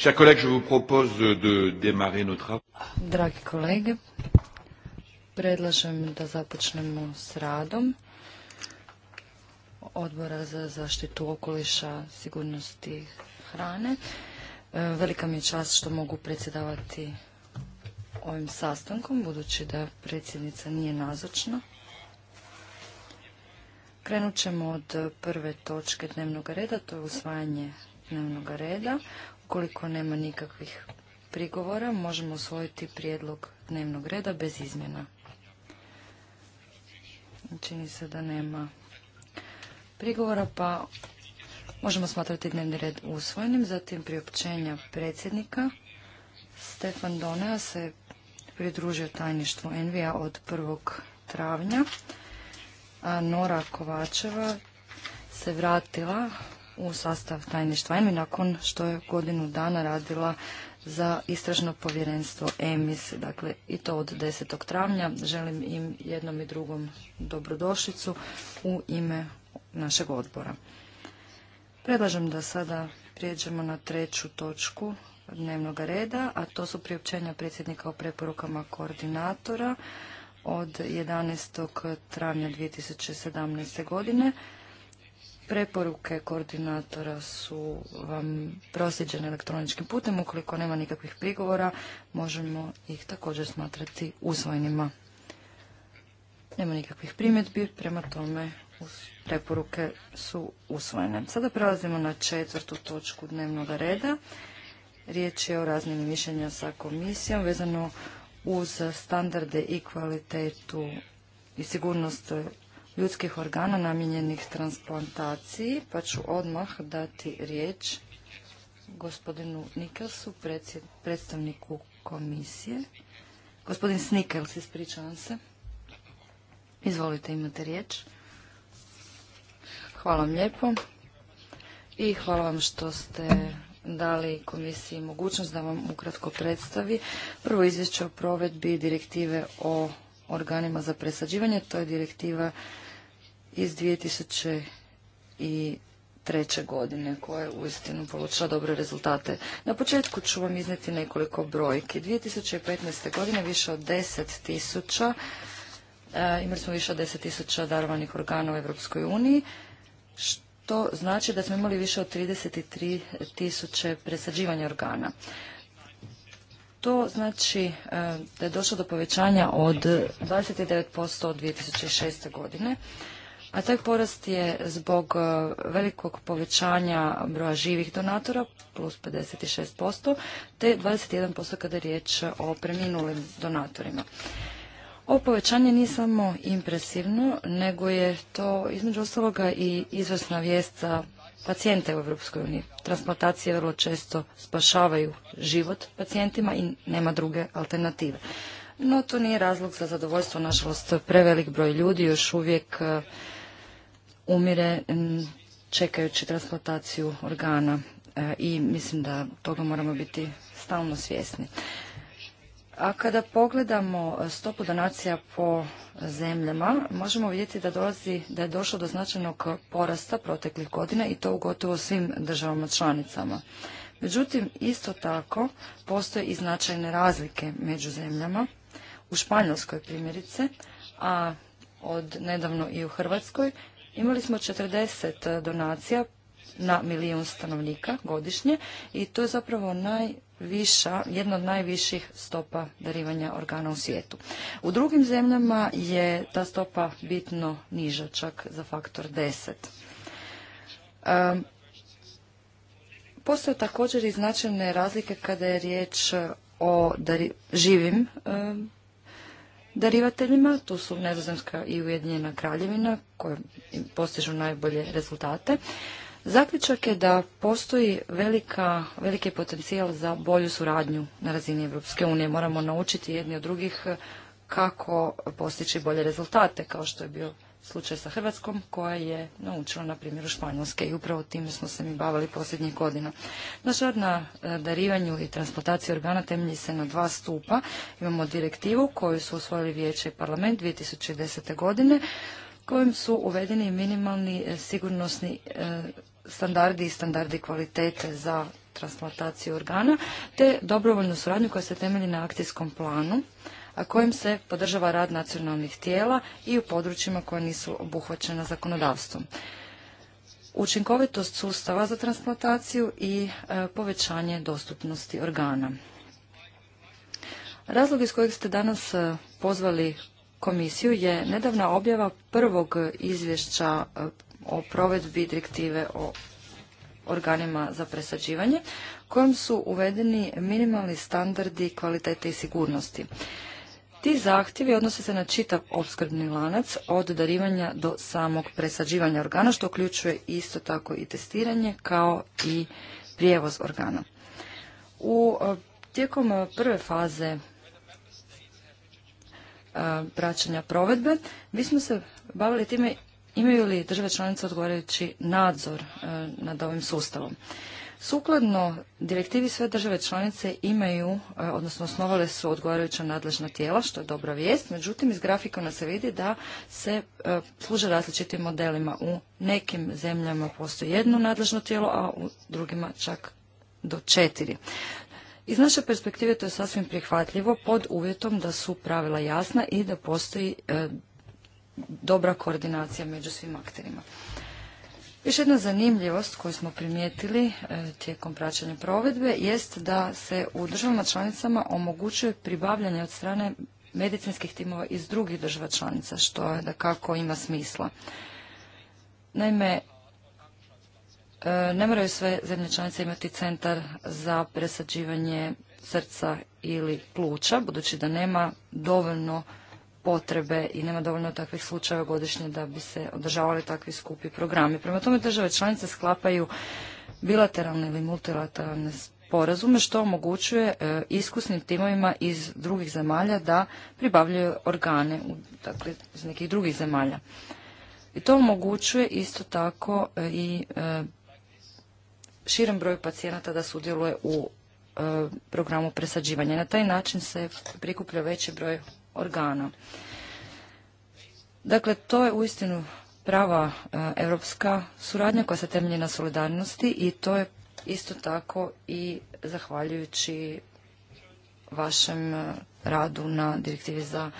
Chers Dragi kolege, predlažem da započnemo s radom Odbora za zaštitu okoliša, sigurnosti hrane. E, velika mi je čast što mogu predsjedavati ovim sastankom, budući da predsjednica nije nazočna. Krenut ćemo od prve točke dnevnog reda, to je usvajanje dnevnog reda. Koliko nema nikakvih prigovora, možemo usvojiti prijedlog dnevnog reda bez izmjena. Čini se da nema prigovora, pa možemo smatrati dnevni red usvojenim. Zatim priopćenja predsjednika. Stefan Donea se pridružio tajništvu Envija od 1. travnja, a Nora Kovačeva se vratila u sastav tajništva EMI nakon što je godinu dana radila za istražno povjerenstvo EMIS, dakle i to od 10. travnja. Želim im jednom i drugom dobrodošlicu u ime našeg odbora. Predlažem da sada prijeđemo na treću točku dnevnog reda, a to su priopćenja predsjednika o preporukama koordinatora od 11. travnja 2017. godine. Preporuke koordinatora su vam prosjeđene elektroničkim putem. Ukoliko nema nikakvih prigovora, možemo ih također smatrati usvojenima. Nema nikakvih primjedbi, prema tome preporuke su usvojene. Sada prelazimo na četvrtu točku dnevnog reda. Riječ je o raznim mišljenja sa komisijom vezano uz standarde i kvalitetu i sigurnost ljudskih organa namijenjenih transplantaciji, pa ću odmah dati riječ gospodinu Nikelsu, predstavniku komisije. Gospodin Snikels, ispričavam se. Izvolite, imate riječ. Hvala vam lijepo i hvala vam što ste dali komisiji mogućnost da vam ukratko predstavi prvo izvješće o provedbi direktive o organima za presađivanje. To je direktiva iz 2003. godine koja je uistinu polučila dobre rezultate. Na početku ću vam izneti nekoliko brojki. 2015. godine više od 10 tisuća e, imali smo više od 10 tisuća darovanih organa u EU uniji, što znači da smo imali više od 33 tisuće presađivanja organa. To znači e, da je došlo do povećanja od 29% od 2006. godine. A taj porast je zbog e, velikog povećanja broja živih donatora, plus 56%, te 21% kada je riječ o preminulim donatorima. Ovo povećanje nije samo impresivno, nego je to između ostaloga i izvrsna vijest za pacijente u Europskoj uniji. Transplantacije vrlo često spašavaju život pacijentima i nema druge alternative. No to nije razlog za zadovoljstvo, nažalost prevelik broj ljudi još uvijek e, umire čekajući transplantaciju organa e, i mislim da toga moramo biti stalno svjesni. A kada pogledamo e, stopu donacija po zemljama, možemo vidjeti da, dolazi, da je došlo do značajnog porasta proteklih godina i to u gotovo svim državama članicama. Međutim, isto tako postoje i značajne razlike među zemljama. U Španjolskoj primjerice, a od nedavno i u Hrvatskoj, Imali smo 40 eh, donacija na milijun stanovnika godišnje i to je zapravo najviša, jedna od najviših stopa darivanja organa u svijetu. U drugim zemljama je ta stopa bitno niža, čak za faktor 10. Postoje također i značajne razlike kada je riječ o živim darivateljima. Tu su Nizozemska i Ujedinjena kraljevina koje postižu najbolje rezultate. Zaključak je da postoji velika, veliki potencijal za bolju suradnju na razini Europske unije. Moramo naučiti jedni od drugih kako postići bolje rezultate, kao što je bio slučaj sa Hrvatskom koja je naučila na primjeru Španjolske i upravo time smo se mi bavili posljednjih godina. Naš rad na e, darivanju i transplantaciji organa temelji se na dva stupa. Imamo direktivu koju su usvojili vijeće i parlament 2010. godine kojim su uvedeni minimalni e, sigurnosni e, standardi i standardi kvalitete za transplantaciju organa te dobrovoljnu suradnju koja se temelji na akcijskom planu a kojim se podržava rad nacionalnih tijela i u područjima koja nisu obuhvaćena zakonodavstvom. Učinkovitost sustava za transplantaciju i e, povećanje dostupnosti organa. Razlog iz kojeg ste danas e, pozvali komisiju je nedavna objava prvog izvješća e, o provedbi direktive o organima za presađivanje, kojom su uvedeni minimalni standardi kvalitete i sigurnosti. Ti zahtjevi odnose se na čitav opskrbni lanac od darivanja do samog presađivanja organa, što uključuje isto tako i testiranje kao i prijevoz organa. U e, tijekom e, prve faze e, praćenja provedbe, mi smo se bavili time imaju li države članice odgovarajući nadzor nad ovim sustavom. Sukladno direktivi sve države članice imaju, e, odnosno osnovale su odgovarajuća nadležna tijela, što je dobra vijest, međutim iz grafikona se vidi da se e, služe različitim modelima. U nekim zemljama postoji jedno nadležno tijelo, a u drugima čak do četiri. Iz naše perspektive to je sasvim prihvatljivo pod uvjetom da su pravila jasna i da postoji e, dobra koordinacija među svim akterima. Još jedna zanimljivost koju smo primijetili e, tijekom praćenja provedbe jest da se u državama članicama omogućuje pribavljanje od strane medicinskih timova iz drugih država članica, što je da kako ima smisla. Naime, e, ne moraju sve zemlje članice imati centar za presađivanje srca ili pluća, budući da nema dovoljno potrebe i nema dovoljno takvih slučajeva godišnje da bi se održavali takvi skupi programi. Prema tome države članice sklapaju bilateralne ili multilateralne sporazume što omogućuje e, iskusnim timovima iz drugih zemalja da pribavljaju organe dakle, iz nekih drugih zemalja. I to omogućuje isto tako e, i e, širem broju pacijenata da sudjeluje u programu presađivanja. Na taj način se prikuplja veći broj organa. Dakle, to je uistinu prava europska suradnja koja se temelji na solidarnosti i to je isto tako i zahvaljujući vašem e, radu na direktivi za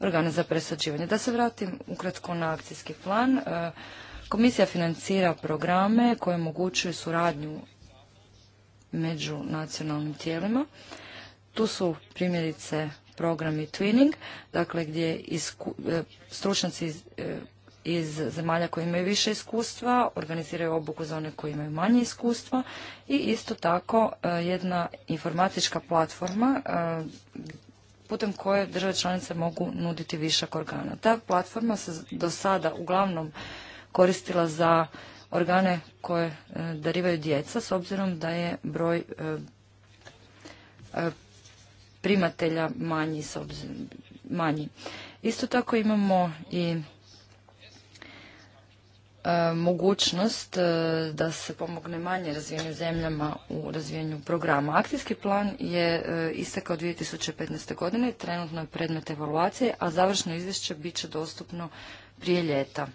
organe za presađivanje. Da se vratim ukratko na akcijski plan. E, komisija financira programe koje omogućuju suradnju među nacionalnim tijelima. Tu su primjerice programi twinning, dakle gdje e, stručnjaci iz, e, iz zemalja koji imaju više iskustva, organiziraju obuku za one koji imaju manje iskustva i isto tako e, jedna informatička platforma putem koje države članice mogu nuditi višak organa. Ta platforma se do sada uglavnom koristila za organe koje darivaju djeca s obzirom da je broj primatelja manji. manji. Isto tako imamo i e, mogućnost e, da se pomogne manje razvijenim zemljama u razvijenju programa. Akcijski plan je e, istekao 2015. godine, trenutno je predmet evaluacije, a završno izvješće bit će dostupno prije ljeta.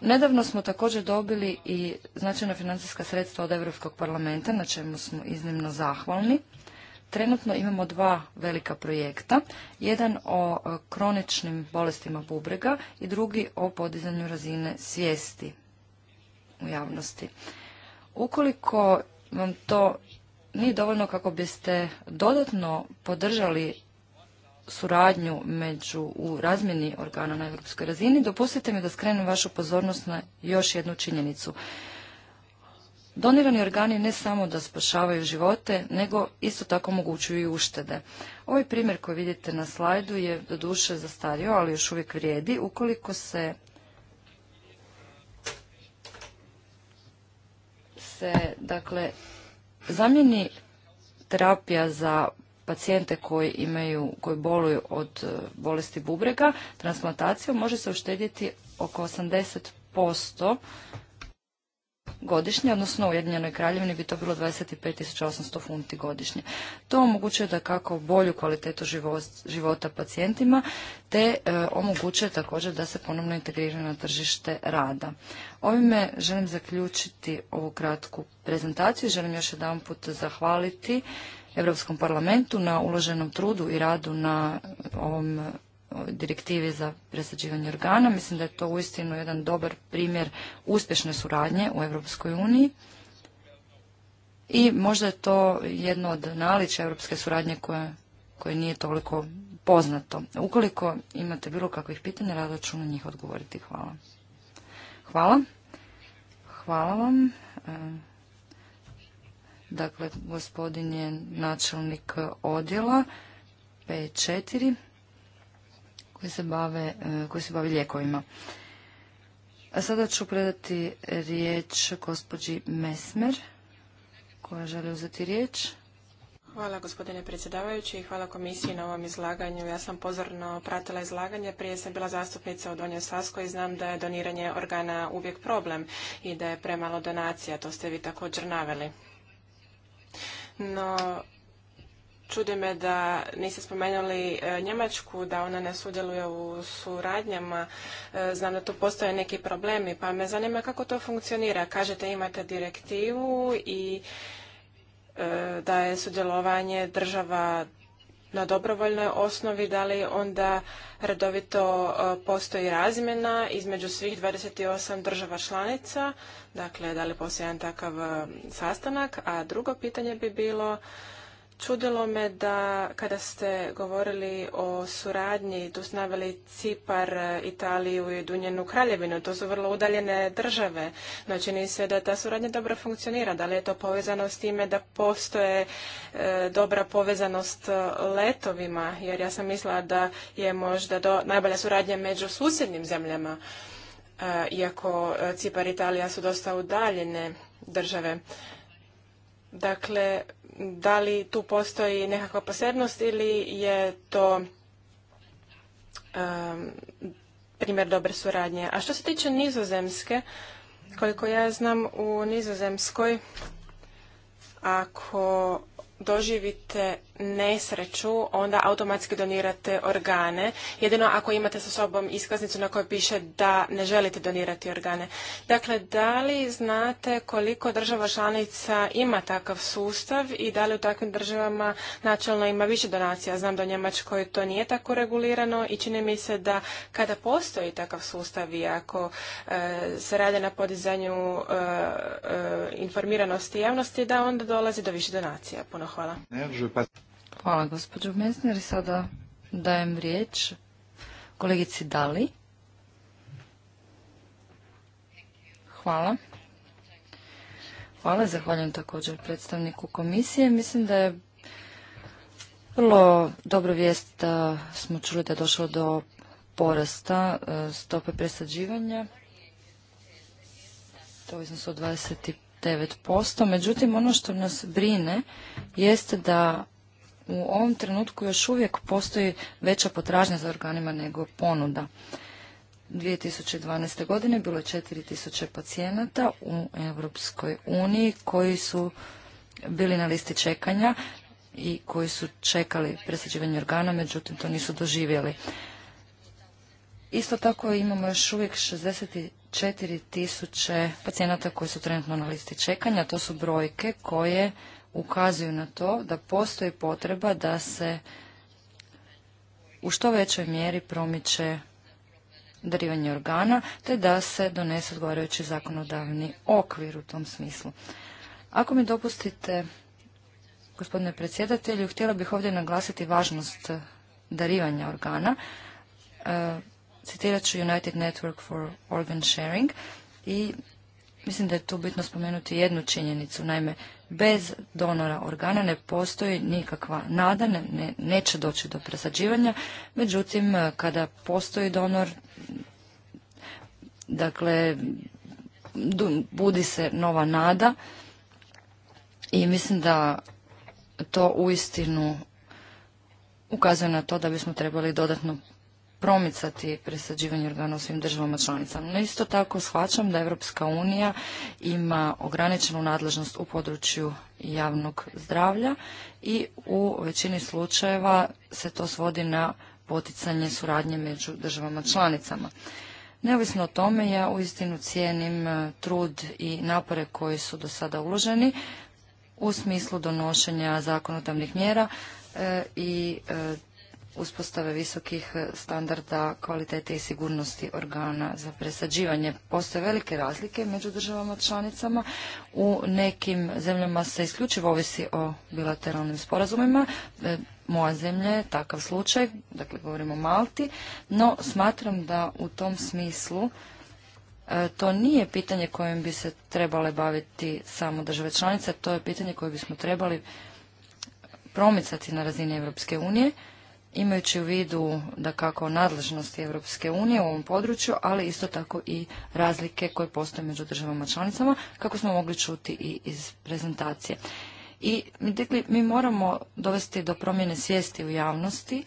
Nedavno smo također dobili i značajna financijska sredstva od Europskog parlamenta, na čemu smo iznimno zahvalni. Trenutno imamo dva velika projekta, jedan o e, kroničnim bolestima bubrega i drugi o podizanju razine svijesti u javnosti. Ukoliko vam to nije dovoljno kako biste dodatno podržali suradnju među u razmjeni organa na europskoj razini, dopustite mi da skrenem vašu pozornost na još jednu činjenicu. Donirani organi ne samo da spašavaju živote, nego isto tako omogućuju i uštede. Ovaj primjer koji vidite na slajdu je do duše zastario, ali još uvijek vrijedi. Ukoliko se se, dakle, zamjeni terapija za pacijente koji imaju, koji boluju od e, bolesti bubrega, transplantacijom može se uštedjeti oko 80% godišnje, odnosno u Ujedinjenoj kraljevini bi to bilo 25.800 funti godišnje. To omogućuje da kako bolju kvalitetu života pacijentima, te e, omogućuje također da se ponovno integriraju na tržište rada. Ovime želim zaključiti ovu kratku prezentaciju. Želim još jedan put zahvaliti Europskom parlamentu na uloženom trudu i radu na ovom direktivi za presađivanje organa. Mislim da je to uistinu jedan dobar primjer uspješne suradnje u Europskoj uniji. I možda je to jedno od naliča europske suradnje koje, nije toliko poznato. Ukoliko imate bilo kakvih pitanja, rado ću na njih odgovoriti. Hvala. Hvala. Hvala vam. E, Dakle, gospodin je načelnik odjela P4 koji se, bave, e, koji se bavi lijekovima. A sada ću predati riječ gospođi Mesmer koja želi uzeti riječ. Hvala gospodine predsjedavajući i hvala komisiji na ovom izlaganju. Ja sam pozorno pratila izlaganje, prije sam bila zastupnica u Donjoj Sasko i znam da je doniranje organa uvijek problem i da je premalo donacija, to ste vi također naveli no čudi me da niste spomenuli e, Njemačku, da ona ne sudjeluje u suradnjama. E, znam da tu postoje neki problemi, pa me zanima kako to funkcionira. Kažete imate direktivu i e, da je sudjelovanje država na dobrovoljnoj osnovi, da li onda redovito e, postoji razmjena između svih 28 država članica, dakle da li postoji jedan takav e, sastanak, a drugo pitanje bi bilo Čudilo me da kada ste govorili o suradnji, tu ste naveli Cipar, Italiju i Dunjenu kraljevinu, to su vrlo udaljene države, no čini se da ta suradnja dobro funkcionira. Da li je to povezano s time da postoje e, dobra povezanost e, letovima, jer ja sam mislila da je možda najbolja suradnja među susjednim zemljama, e, iako Cipar i Italija su dosta udaljene države. Dakle, da li tu postoji nekakva posebnost ili je to um, primjer dobre suradnje. A što se tiče nizozemske, koliko ja znam u nizozemskoj, ako doživite nesreću, onda automatski donirate organe. Jedino ako imate sa sobom iskaznicu na kojoj piše da ne želite donirati organe. Dakle, da li znate koliko država članica ima takav sustav i da li u takvim državama načelno ima više donacija? Znam da u Njemačkoj to nije tako regulirano i čini mi se da kada postoji takav sustav i ako e, se rade na podizanju informiranosti e, i e, informiranosti javnosti, da onda dolazi do više donacija. Puno hvala. Hvala gospođo Mesner i sada dajem riječ kolegici Dali. Hvala. Hvala, zahvaljujem također predstavniku komisije. Mislim da je vrlo dobra vijest da smo čuli da je došlo do porasta e, stope presađivanja. To iznos od 25%. Međutim, ono što nas brine jeste da u ovom trenutku još uvijek postoji veća potražnja za organima nego ponuda. 2012. godine bilo je 4000 pacijenata u Europskoj uniji koji su bili na listi čekanja i koji su čekali presađivanje organa, međutim to nisu doživjeli. Isto tako imamo još uvijek 64 tisuće pacijenata koji su trenutno na listi čekanja. To su brojke koje ukazuju na to da postoji potreba da se u što većoj mjeri promiče darivanje organa, te da se donese odgovarajući zakonodavni okvir u tom smislu. Ako mi dopustite, gospodine predsjedatelju, htjela bih ovdje naglasiti važnost darivanja organa. E, citirat ću United Network for Organ Sharing i Mislim da je tu bitno spomenuti jednu činjenicu. Naime, bez donora organa ne postoji nikakva nada, ne, neće doći do presađivanja. Međutim, kada postoji donor, dakle, budi se nova nada i mislim da to uistinu ukazuje na to da bismo trebali dodatno promicati presađivanje organa u svim državama članicama. No isto tako shvaćam da Europska unija ima ograničenu nadležnost u području javnog zdravlja i u većini slučajeva se to svodi na poticanje suradnje među državama članicama. Neovisno o tome, ja uistinu cijenim e, trud i napore koji su do sada uloženi u smislu donošenja zakonodavnih mjera e, i e, uspostave visokih eh, standarda kvalitete i sigurnosti organa za presađivanje. Postoje velike razlike među državama članicama. U nekim zemljama se isključivo ovisi o bilateralnim sporazumima. Eh, moja zemlja je takav slučaj, dakle govorimo o Malti, no smatram da u tom smislu eh, to nije pitanje kojim bi se trebale baviti samo države članice, to je pitanje koje bismo trebali promicati na razini Europske unije imajući u vidu da kako nadležnosti Europske unije u ovom području, ali isto tako i razlike koje postoje među državama članicama, kako smo mogli čuti i iz prezentacije. I dakle, mi moramo dovesti do promjene svijesti u javnosti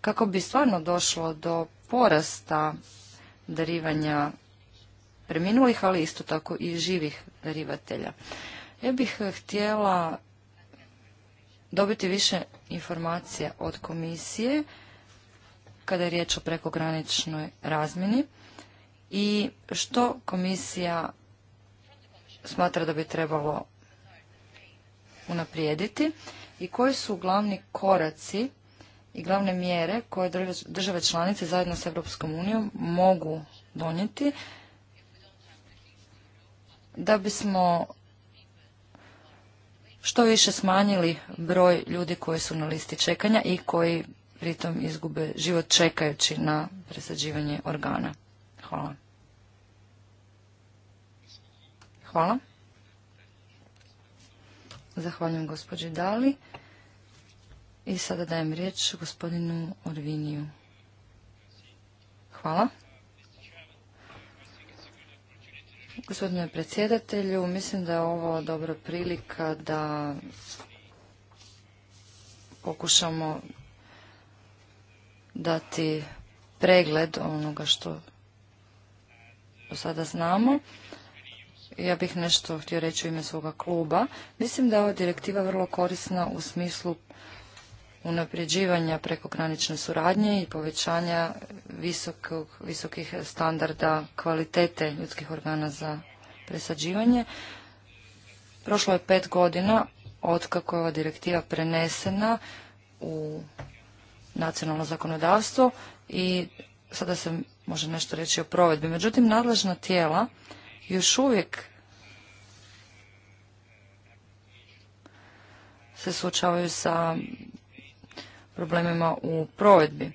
kako bi stvarno došlo do porasta darivanja preminulih, ali isto tako i živih darivatelja. Ja bih htjela dobiti više informacija od komisije kada je riječ o prekograničnoj razmjeni i što komisija smatra da bi trebalo unaprijediti i koji su glavni koraci i glavne mjere koje države članice zajedno s Europskom unijom mogu donijeti da bismo što više smanjili broj ljudi koji su na listi čekanja i koji pritom izgube život čekajući na presađivanje organa. Hvala. Hvala. Zahvaljujem gospođi Dali. I sada dajem riječ gospodinu Orviniju. Hvala. Gospodine predsjedatelju, mislim da je ovo dobra prilika da pokušamo dati pregled onoga što do sada znamo. Ja bih nešto htio reći u ime svoga kluba. Mislim da je ova direktiva vrlo korisna u smislu unapređivanja prekogranične suradnje i povećanja visokog, visokih standarda kvalitete ljudskih organa za presađivanje. Prošlo je pet godina otkako je ova direktiva prenesena u nacionalno zakonodavstvo i sada se može nešto reći o provedbi. Međutim, nadležna tijela još uvijek se suočavaju sa problemima u provedbi.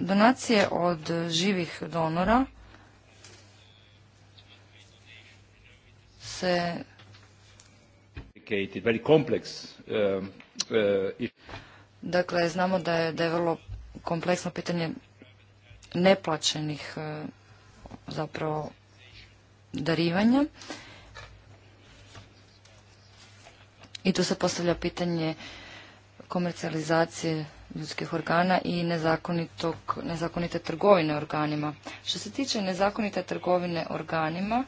Donacije od živih donora se um, uh, Dakle, znamo da je, da je vrlo kompleksno pitanje neplaćenih uh, zapravo darivanja. I tu se postavlja pitanje komercijalizacije ljudskih organa i nezakonite trgovine organima. Što se tiče nezakonite trgovine organima,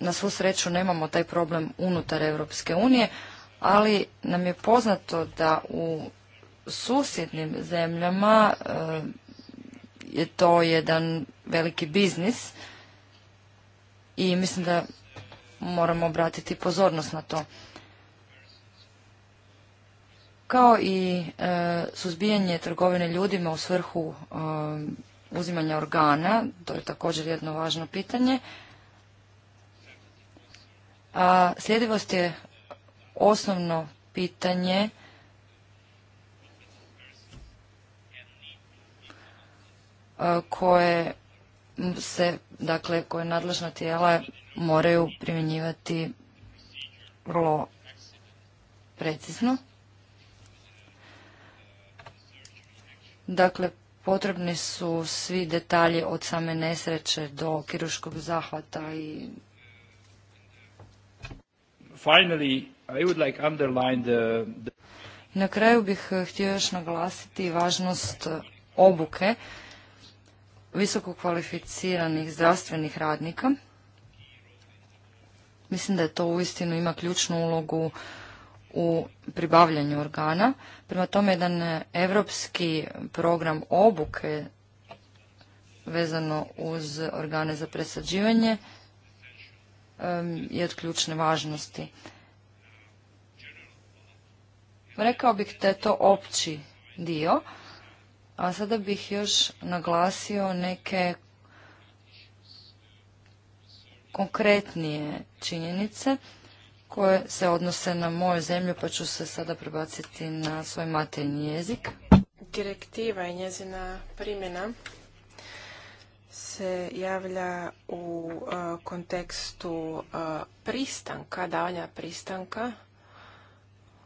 na svu sreću nemamo taj problem unutar Europske unije, ali nam je poznato da u susjednim zemljama je to jedan veliki biznis i mislim da moramo obratiti pozornost na to kao i e, suzbijanje trgovine ljudima u svrhu e, uzimanja organa, to je također jedno važno pitanje. A sljedivost je osnovno pitanje e, koje se, dakle, koje nadležna tijela moraju primjenjivati vrlo precizno. Dakle, potrebni su svi detalji od same nesreće do kiruškog zahvata i... Finally, I would like underline the... Na kraju bih eh, htio još naglasiti važnost eh, obuke visoko kvalificiranih zdravstvenih radnika. Mislim da je to uistinu ima ključnu ulogu u pribavljanju organa. Prema tome, jedan europski program obuke vezano uz organe za presađivanje je od ključne važnosti. Rekao bih da je to opći dio, a sada bih još naglasio neke konkretnije činjenice koje se odnose na moju zemlju, pa ću se sada prebaciti na svoj materijni jezik. Direktiva i njezina primjena se javlja u e, kontekstu e, pristanka, davanja pristanka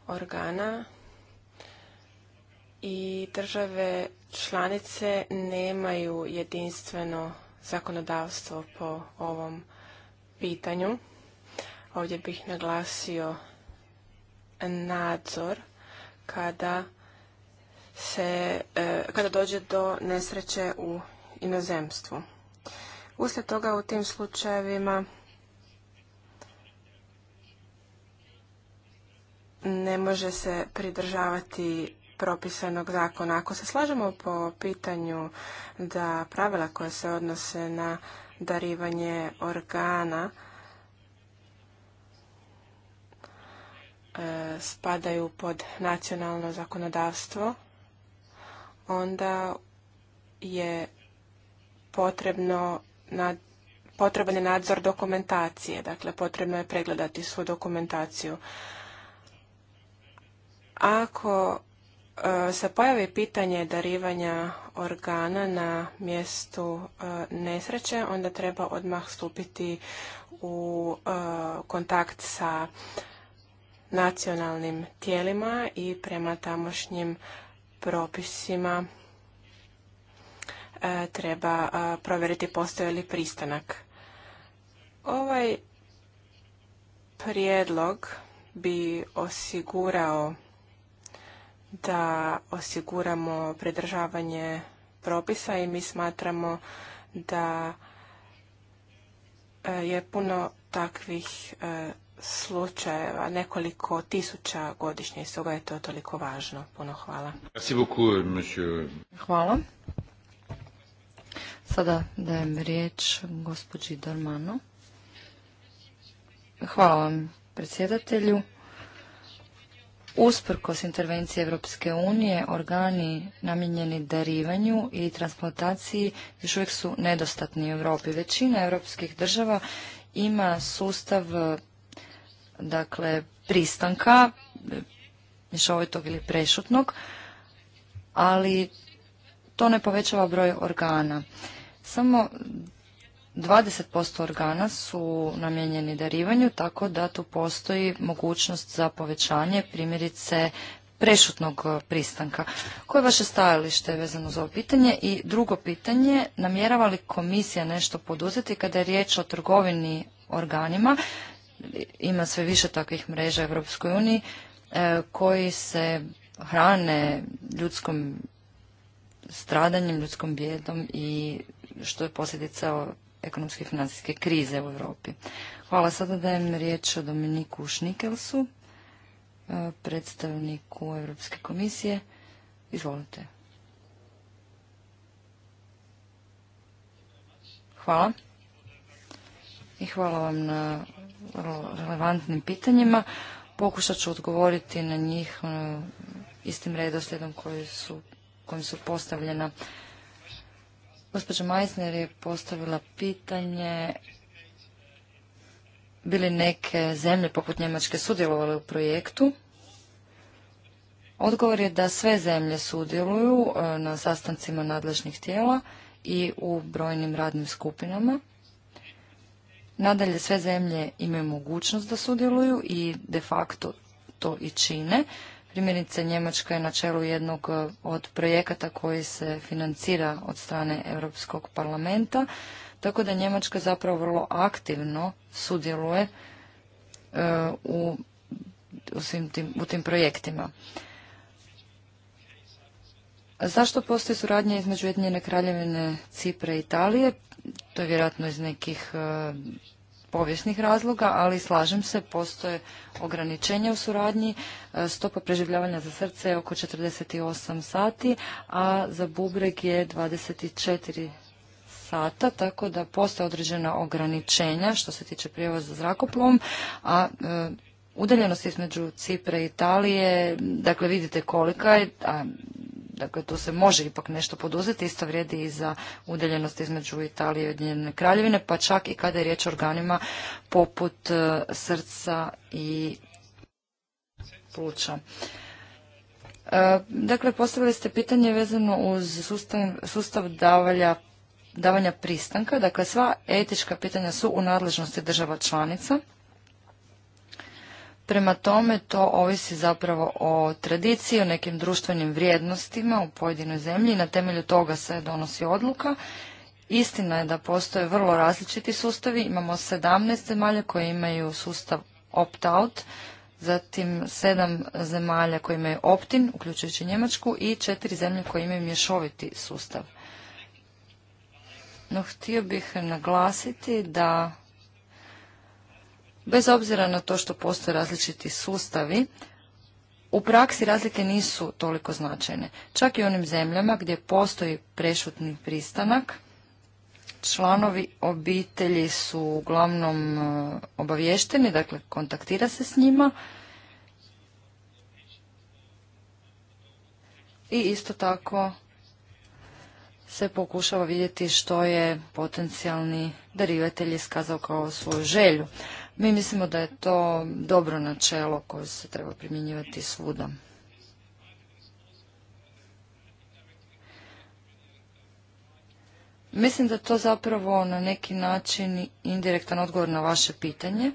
organa i države članice nemaju jedinstveno zakonodavstvo po ovom pitanju. Ovdje bih naglasio nadzor kada se, e, kada dođe do nesreće u inozemstvu. Uslijed toga u tim slučajevima ne može se pridržavati propisanog zakona. Ako se slažemo po pitanju da pravila koja se odnose na darivanje organa E, spadaju pod nacionalno zakonodavstvo, onda je potrebno nad, potreban je nadzor dokumentacije, dakle potrebno je pregledati svu dokumentaciju. Ako e, se pojavi pitanje darivanja organa na mjestu e, nesreće, onda treba odmah stupiti u kontakt sa nacionalnim tijelima i prema tamošnjim propisima e, treba e, provjeriti postoje li pristanak. Ovaj prijedlog bi osigurao da osiguramo pridržavanje propisa i mi smatramo da e, je puno takvih slučajeva, nekoliko tisuća godišnje, stoga je to toliko važno. Puno hvala. Hvala. Sada dajem riječ gospođi Darmanu. Hvala vam predsjedatelju. Usprkos intervencije Europske unije, organi namijenjeni darivanju i transplantaciji još uvijek su nedostatni u Europi. Većina europskih država ima sustav dakle pristanka e, mješovitog ili prešutnog, ali to ne povećava broj organa. Samo 20% organa su namijenjeni darivanju, tako da tu postoji mogućnost za povećanje, primjerice prešutnog pristanka. Koje je vaše stajalište vezano za ovo pitanje? I drugo pitanje, namjerava li komisija nešto poduzeti kada je riječ o trgovini organima? ima sve više takvih mreža u Europskoj uniji e, koji se hrane ljudskom stradanjem, ljudskom bijedom i što je posljedica ekonomske i financijske krize u Europi. Hvala. Sada dajem riječ o Dominiku Šnikelsu, e, predstavniku Europske komisije. Izvolite. Hvala. I hvala vam na vrlo relevantnim pitanjima. Pokušat ću odgovoriti na njih e, istim redoslijedom koji su, kojim su postavljena. Gospođa Meissner je postavila pitanje bili neke zemlje poput Njemačke sudjelovale u projektu. Odgovor je da sve zemlje sudjeluju e, na sastancima nadležnih tijela i u brojnim radnim skupinama. Nadalje, sve zemlje imaju mogućnost da sudjeluju i de facto to i čine. Primjerice, Njemačka je na čelu jednog e, od projekata koji se financira od strane Europskog parlamenta, tako da Njemačka zapravo vrlo aktivno sudjeluje e, u, u, svim tim, u tim projektima. Zašto postoji suradnja između Jedinjene kraljevine Cipre i Italije? to je vjerojatno iz nekih e, povijesnih razloga, ali slažem se, postoje ograničenja u suradnji. E, stopa preživljavanja za srce je oko 48 sati, a za bubreg je 24 sata, tako da postoje određena ograničenja što se tiče prijevoza zrakoplom, a e, udaljenost između Cipra i Italije, dakle vidite kolika je, Dakle, tu se može ipak nešto poduzeti. Isto vrijedi i za udeljenost između Italije i Ujedinjene kraljevine, pa čak i kada je riječ o organima poput e, srca i pluća. E, dakle, postavili ste pitanje vezano uz sustav, sustav davalja davanja pristanka. Dakle, sva etička pitanja su u nadležnosti država članica. Prema tome to ovisi zapravo o tradiciji, o nekim društvenim vrijednostima u pojedinoj zemlji i na temelju toga se donosi odluka. Istina je da postoje vrlo različiti sustavi. Imamo 17 zemalja koje imaju sustav opt-out, zatim 7 zemalja koje imaju opt-in, uključujući Njemačku, i 4 zemlje koje imaju mješoviti sustav. No, htio bih naglasiti da Bez obzira na to što postoje različiti sustavi, u praksi razlike nisu toliko značajne. Čak i u onim zemljama gdje postoji prešutni pristanak, članovi obitelji su uglavnom e, obavješteni, dakle kontaktira se s njima. I isto tako se pokušava vidjeti što je potencijalni darivatelj iskazao kao svoju želju. Mi mislimo da je to dobro načelo koje se treba primjenjivati svuda. Mislim da to zapravo na neki način indirektan odgovor na vaše pitanje.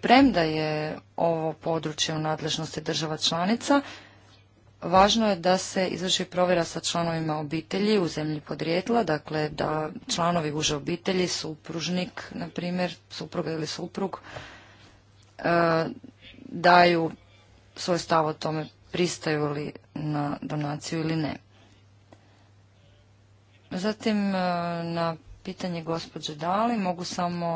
Premda je ovo područje u nadležnosti država članica, Važno je da se izvrši provjera sa članovima obitelji u zemlji podrijetla, dakle da članovi uže obitelji, supružnik, na primjer, supruga ili suprug, e, daju svoj stav o tome pristaju li na donaciju ili ne. Zatim e, na pitanje gospođe Dali mogu samo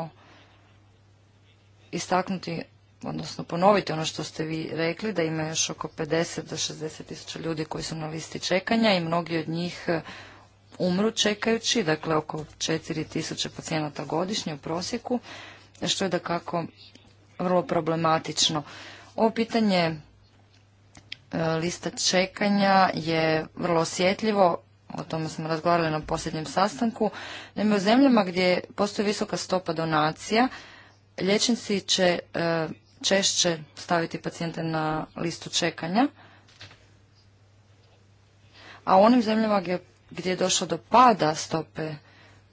istaknuti odnosno ponoviti ono što ste vi rekli, da ima još oko 50 do 60 tisuća ljudi koji su na listi čekanja i mnogi od njih e, umru čekajući, dakle oko 4 tisuće pacijenata godišnje u prosjeku, što je da kako vrlo problematično. Ovo pitanje e, lista čekanja je vrlo osjetljivo, o tome smo razgovarali na posljednjem sastanku. Naime, u zemljama gdje postoji visoka stopa donacija, liječnici će e, češće staviti pacijente na listu čekanja. A u onim zemljama gdje, je došlo do pada stope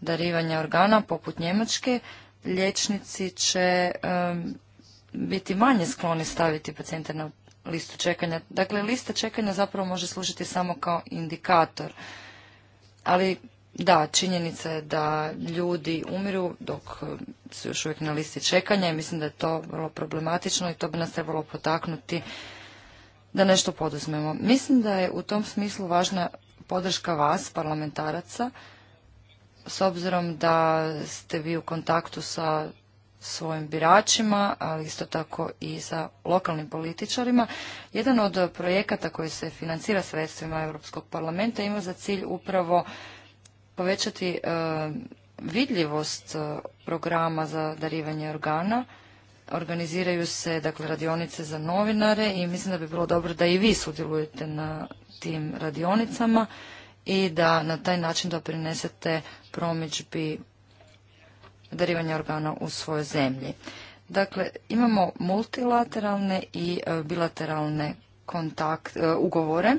darivanja organa, poput Njemačke, liječnici će biti manje skloni staviti pacijente na listu čekanja. Dakle, lista čekanja zapravo može služiti samo kao indikator. Ali da, činjenica je da ljudi umiru dok e, su još uvijek na listi čekanja i mislim da je to vrlo problematično i to bi nas trebalo potaknuti da nešto poduzmemo. Mislim da je u tom smislu važna podrška vas, parlamentaraca, s obzirom da ste vi u kontaktu sa svojim biračima, ali isto tako i sa lokalnim političarima. Jedan od projekata koji se financira sredstvima Europskog parlamenta ima za cilj upravo povećati e, vidljivost e, programa za darivanje organa. Organiziraju se dakle radionice za novinare i mislim da bi bilo dobro da i vi sudjelujete na tim radionicama i da na taj način doprinesete promičbi darivanja organa u svojoj zemlji. Dakle, imamo multilateralne i e, bilateralne kontakt, ugovore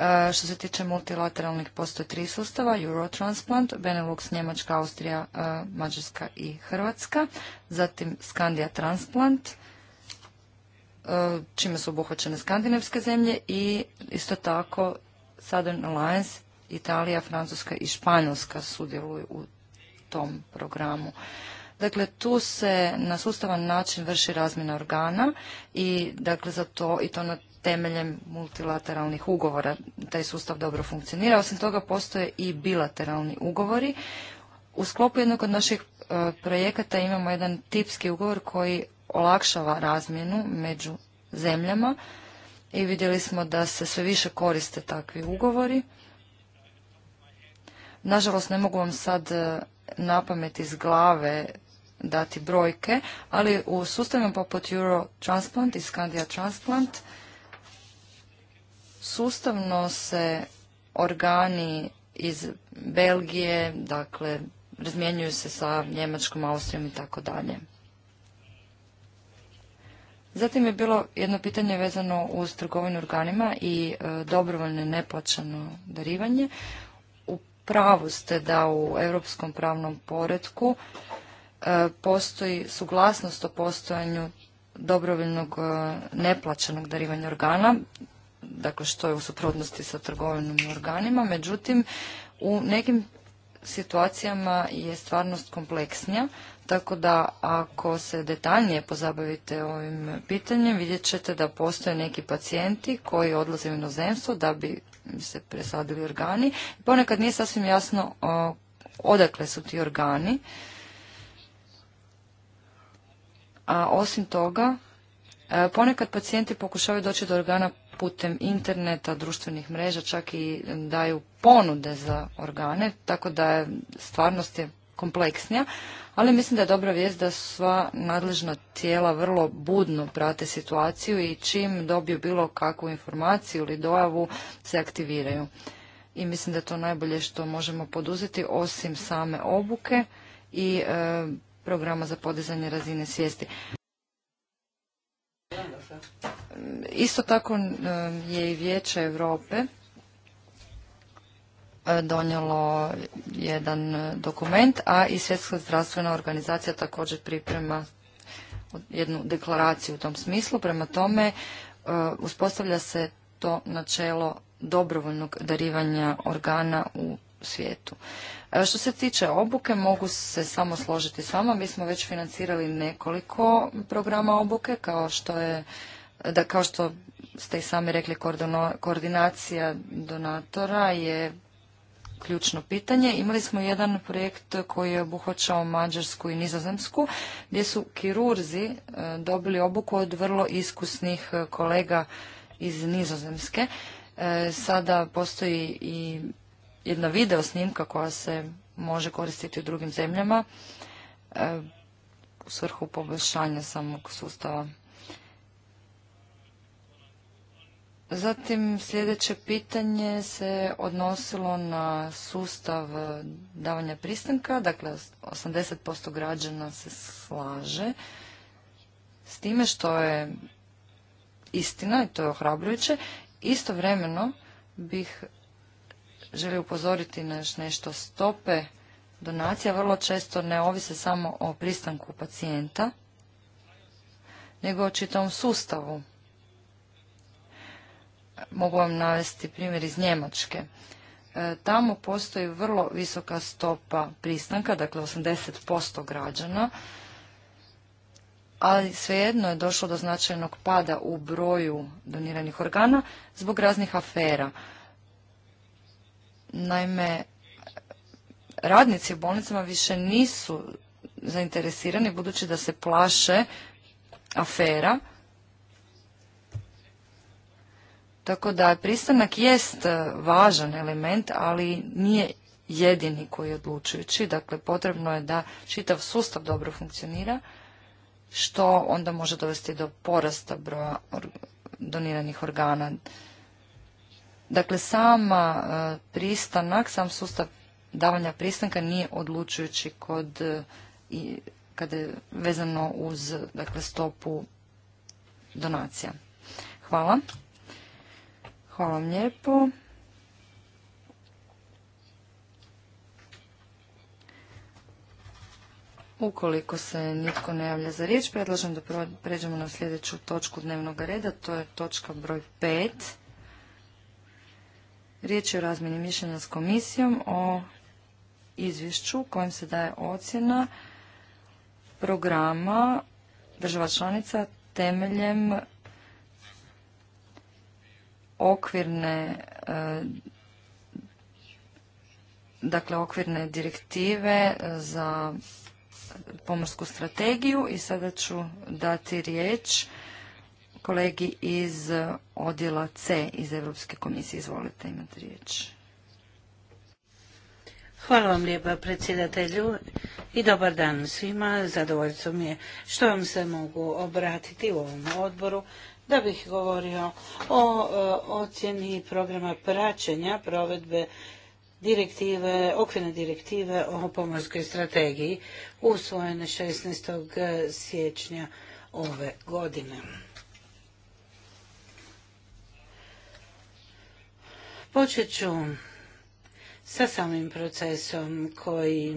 E, što se tiče multilateralnih postoje tri sustava, Eurotransplant, Benelux, Njemačka, Austrija, e, Mađarska i Hrvatska, zatim Skandija Transplant, e, čime su obuhvaćene skandinavske zemlje i isto tako Southern Alliance, Italija, Francuska i Španjolska sudjeluju u tom programu. Dakle, tu se na sustavan način vrši razmjena organa i dakle za to i to na temeljem multilateralnih ugovora. Taj sustav dobro funkcionira. Osim toga postoje i bilateralni ugovori. U sklopu jednog od naših e, projekata imamo jedan tipski ugovor koji olakšava razmjenu među zemljama i vidjeli smo da se sve više koriste takvi ugovori. Nažalost, ne mogu vam sad e, pamet iz glave dati brojke, ali u sustavima poput Euro Transplant i Scandia Transplant sustavno se organi iz Belgije, dakle, razmjenjuju se sa Njemačkom, Austrijom i tako dalje. Zatim je bilo jedno pitanje vezano uz trgovinu organima i e, dobrovoljno neplaćano darivanje. U pravu ste da u europskom pravnom poredku e, postoji suglasnost o postojanju dobrovoljnog e, neplaćenog darivanja organa dakle što je u suprotnosti sa trgovinom organima, međutim u nekim situacijama je stvarnost kompleksnija, tako da ako se detaljnije pozabavite ovim pitanjem, vidjet ćete da postoje neki pacijenti koji odlaze u inozemstvo da bi se presadili organi. Ponekad nije sasvim jasno odakle su ti organi. A osim toga, e, ponekad pacijenti pokušavaju doći do organa putem interneta, društvenih mreža, čak i daju ponude za organe, tako da je stvarnost je kompleksnija, ali mislim da je dobra vijest da sva nadležna tijela vrlo budno prate situaciju i čim dobiju bilo kakvu informaciju ili dojavu se aktiviraju. I mislim da je to najbolje što možemo poduzeti osim same obuke i e, programa za podizanje razine svijesti. Isto tako um, je i Vijeće Europe uh, donijelo jedan uh, dokument, a i Svjetska zdravstvena organizacija također priprema jednu deklaraciju u tom smislu. Prema tome, uh, uspostavlja se to načelo dobrovoljnog darivanja organa u svijetu. E, što se tiče obuke, mogu se samo složiti s vama. Mi smo već financirali nekoliko programa obuke, kao što je da kao što ste i sami rekli, koordinacija donatora je ključno pitanje. Imali smo jedan projekt koji je obuhvaćao Mađarsku i Nizozemsku, gdje su kirurzi e, dobili obuku od vrlo iskusnih e, kolega iz Nizozemske. Sada postoji i jedna video snimka koja se može koristiti u drugim zemljama e, u svrhu poboljšanja samog sustava. Zatim sljedeće pitanje se odnosilo na sustav davanja pristanka, dakle 80% građana se slaže s time što je istina i to je ohrabrujuće. Istovremeno bih želi upozoriti na još nešto. Stope donacija vrlo često ne ovise samo o pristanku pacijenta, nego o čitavom sustavu. Mogu vam navesti primjer iz Njemačke. E, tamo postoji vrlo visoka stopa pristanka, dakle 80% građana, ali svejedno je došlo do značajnog pada u broju doniranih organa zbog raznih afera. Naime, radnici u bolnicama više nisu zainteresirani budući da se plaše afera. Tako da pristanak jest e, važan element, ali nije jedini koji je odlučujući. Dakle, potrebno je da čitav sustav dobro funkcionira, što onda može dovesti do porasta broja doniranih organa. Dakle, sama e, pristanak, sam sustav davanja pristanka nije odlučujući kod e, kada je vezano uz dakle, stopu donacija. Hvala. Hvala vam lijepo. Ukoliko se nitko ne javlja za riječ, predlažem da pređemo na sljedeću točku dnevnog reda, to je točka broj 5. Riječ je o razmjeni mišljenja s komisijom o izvješću kojim se daje ocjena programa država članica temeljem okvirne e, dakle okvirne direktive za pomorsku strategiju i sada ću dati riječ kolegi iz odjela C iz Europske komisije. Izvolite, imate riječ. Hvala vam lijepa predsjedatelju i dobar dan svima. Zadovoljstvo mi je što vam se mogu obratiti u ovom odboru da bih govorio o ocjeni programa praćenja provedbe direktive, okvirne direktive o pomorskoj strategiji usvojene 16. siječnja ove godine. Počet ću sa samim procesom koji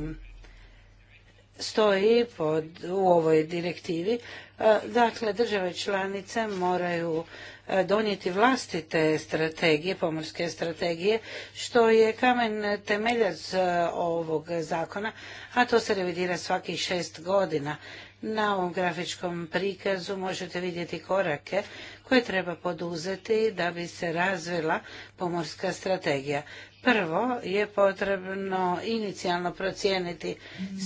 stoji pod, u ovoj direktivi. E, dakle, države članice moraju e, donijeti vlastite strategije, pomorske strategije, što je kamen temeljac e, ovog zakona, a to se revidira svakih šest godina. Na ovom grafičkom prikazu možete vidjeti korake koje treba poduzeti da bi se razvila pomorska strategija. Prvo je potrebno inicijalno procijeniti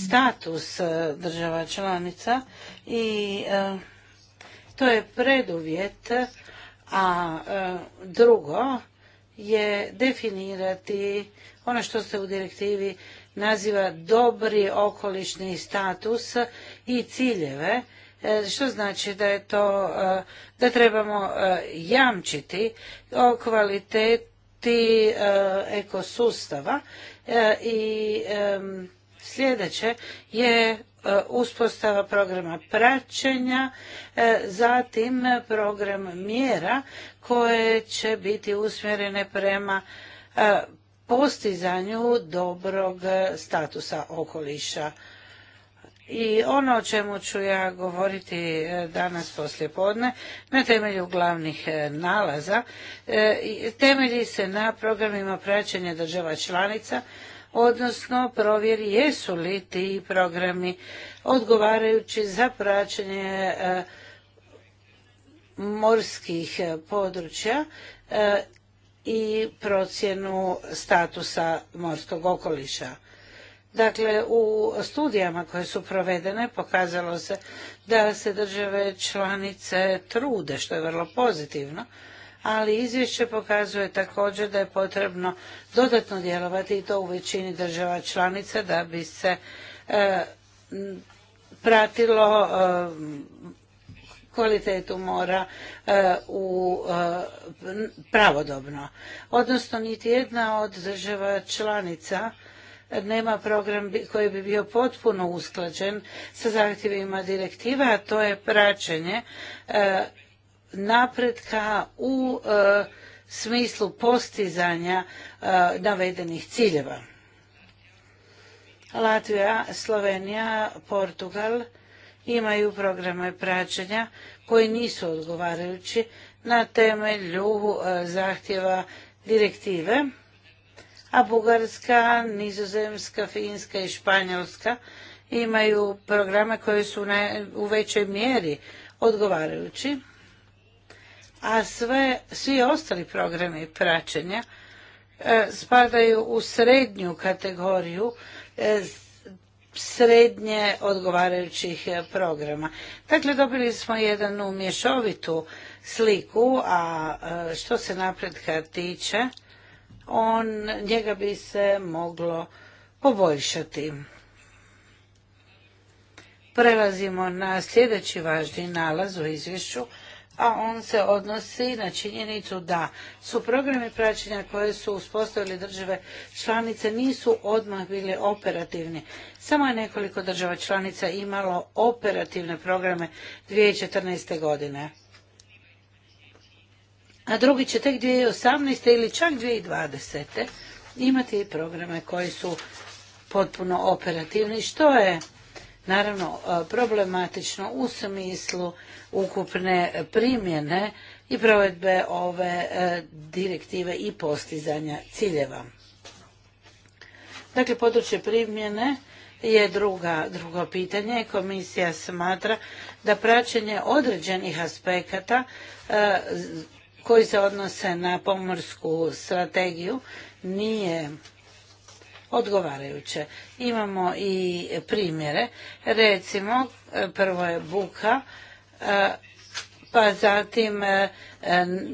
status e, država članica i e, to je preduvjet, a e, drugo je definirati ono što se u direktivi naziva dobri okolišni status i ciljeve, e, što znači da je to, e, da trebamo e, jamčiti o kvaliteti ekosustava i sljedeće je uspostava programa praćenja, zatim program mjera koje će biti usmjerene prema postizanju dobrog statusa okoliša i ono o čemu ću ja govoriti e, danas poslije podne na temelju glavnih e, nalaza e, temelji se na programima praćenja država članica odnosno provjeri jesu li ti programi odgovarajući za praćenje morskih područja i procjenu statusa morskog okoliša Dakle, u studijama koje su provedene pokazalo se da se države članice trude, što je vrlo pozitivno, ali izvješće pokazuje također da je potrebno dodatno djelovati i to u većini država članica da bi se e, pratilo e, kvalitetu mora e, u pravodobno. Odnosno, niti jedna od država članica nema program koji bi bio potpuno usklađen sa zahtjevima direktiva, a to je praćenje e, napretka u e, smislu postizanja e, navedenih ciljeva. Latvija, Slovenija, Portugal imaju programe praćenja koji nisu odgovarajući na temelju zahtjeva direktive a Bugarska, Nizozemska, Finska i Španjolska imaju programe koji su u većoj mjeri odgovarajući, a sve, svi ostali programi praćenja e, spadaju u srednju kategoriju e, srednje odgovarajućih e, programa. Dakle, dobili smo jednu mješovitu sliku, a što se napredka tiče, on, njega bi se moglo poboljšati. Prelazimo na sljedeći važni nalaz u izvješću, a on se odnosi na činjenicu da su programi praćenja koje su uspostavili države članice nisu odmah bili operativni. Samo je nekoliko država članica imalo operativne programe 2014. godine a drugi će tek 2018. ili čak 2020. imati programe koji su potpuno operativni, što je naravno e, problematično u smislu ukupne primjene i provedbe ove e, direktive i postizanja ciljeva. Dakle, područje primjene je druga, drugo pitanje. Komisija smatra da praćenje određenih aspekata e, koji se odnose na pomorsku strategiju nije odgovarajuće. Imamo i primjere. Recimo, prvo je buka, e, pa zatim e,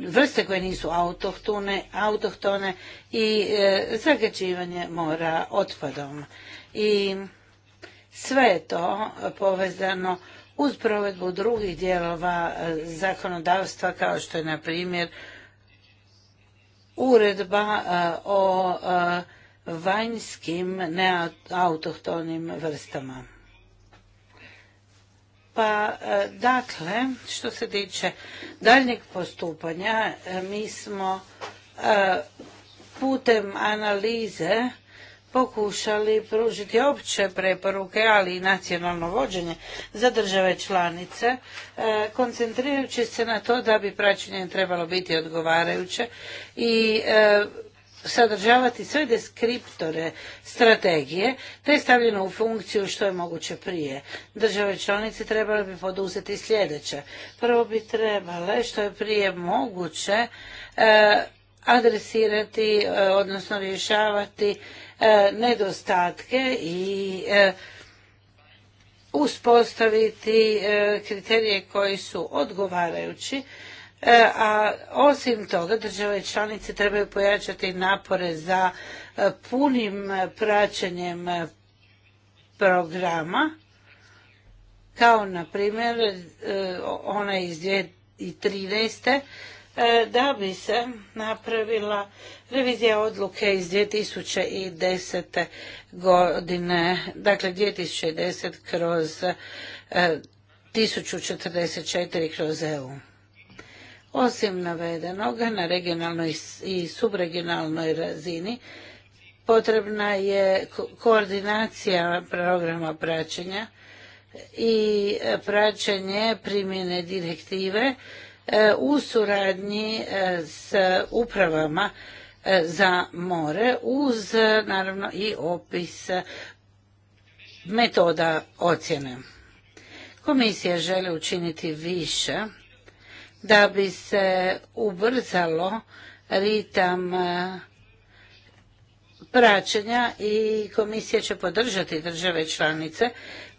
vrste koje nisu autohtone, autohtone i e, zagađivanje mora otpadom. I sve je to povezano uz provedbu drugih dijelova e, zakonodavstva kao što je na primjer uredba e, o e, vanjskim neautohtonim vrstama. Pa dakle, što se tiče daljnjeg postupanja, mi smo putem analize pokušali pružiti opće preporuke, ali i nacionalno vođenje za države članice, e, koncentrirajući se na to da bi praćenje trebalo biti odgovarajuće i e, sadržavati sve deskriptore strategije, te stavljeno u funkciju što je moguće prije. Države članice trebale bi poduzeti sljedeće. Prvo bi trebale što je prije moguće e, adresirati, odnosno rješavati E, nedostatke i e, uspostaviti e, kriterije koji su odgovarajući a osim toga države članice trebaju pojačati napore za punim praćenjem programa kao na primjer ona iz 2013. E, da bi se napravila revizija odluke iz 2010. godine, dakle 2010 kroz 1044 e, kroz EU. Osim navedenoga na regionalnoj i subregionalnoj razini potrebna je koordinacija programa praćenja i e, praćenje primjene direktive E, u suradnji e, s upravama e, za more uz naravno i opis metoda ocjene. Komisija želi učiniti više da bi se ubrzalo ritam praćenja i komisija će podržati države članice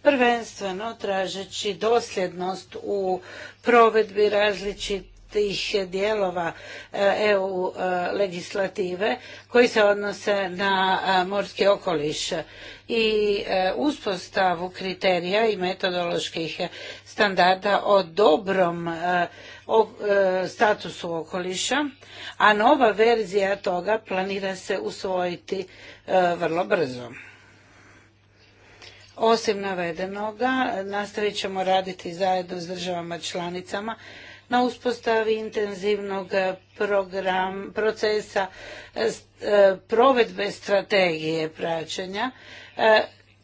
prvenstveno tražeći dosljednost u provedbi različitih dijelova e, EU e, legislative koji se odnose na e, morski okoliš i uspostavu kriterija i metodoloških standarda o dobrom statusu okoliša, a nova verzija toga planira se usvojiti vrlo brzo. Osim navedenoga, nastavit ćemo raditi zajedno s državama članicama na uspostavi intenzivnog program, procesa e, e, provedbe strategije praćenja e,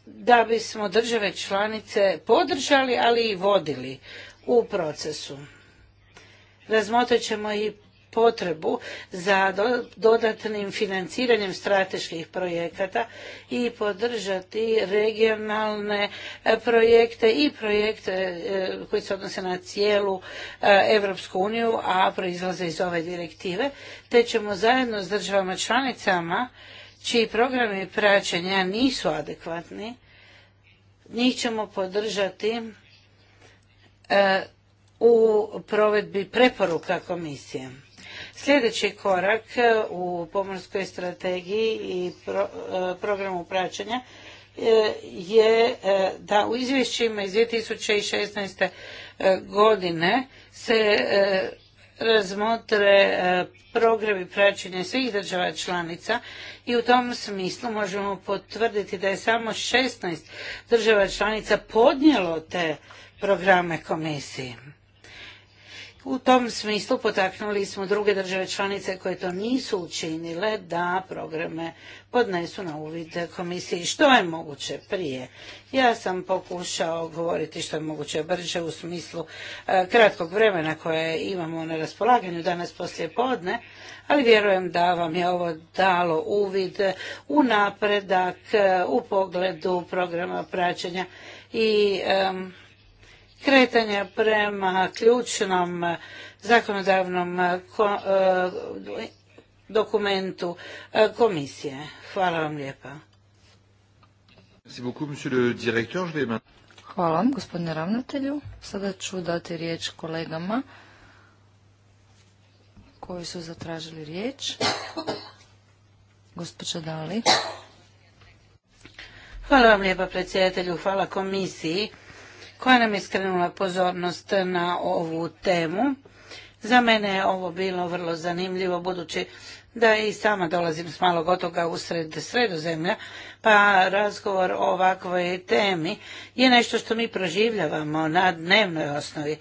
da bismo države članice podržali, ali i vodili u procesu. Razmotrit ćemo i potrebu za dodatnim financiranjem strateških projekata i podržati regionalne e, projekte i projekte e, koji se odnose na cijelu Europsku uniju, a proizlaze iz ove direktive, te ćemo zajedno s državama članicama čiji programi praćenja nisu adekvatni, njih ćemo podržati e, u provedbi preporuka komisije. Sljedeći korak e, u pomorskoj strategiji i e, programu praćenja e, je da u izvješćima iz 2016. godine se razmotre programi praćenja svih država članica i u tom smislu možemo potvrditi da je samo 16 država članica podnijelo te programe komisiji. U tom smislu potaknuli smo druge države članice koje to nisu učinile da programe podnesu na uvid komisiji što je moguće prije. Ja sam pokušao govoriti što je moguće brže u smislu e, kratkog vremena koje imamo na raspolaganju danas poslije podne, ali vjerujem da vam je ovo dalo uvid u napredak e, u pogledu programa praćenja i kretanja prema ključnom eh, zakonodavnom eh, eh, dokumentu komisije. Hvala vam lijepa. Hvala vam, gospodine ravnatelju. Sada ću dati riječ kolegama koji su zatražili riječ. Gospođa dalić Hvala vam lijepa predsjedatelju, hvala komisiji koja nam je skrenula pozornost na ovu temu. Za mene je ovo bilo vrlo zanimljivo, budući da i sama dolazim s malog otoka usred sredozemlja, pa razgovor o ovakvoj temi je nešto što mi proživljavamo na dnevnoj osnovi.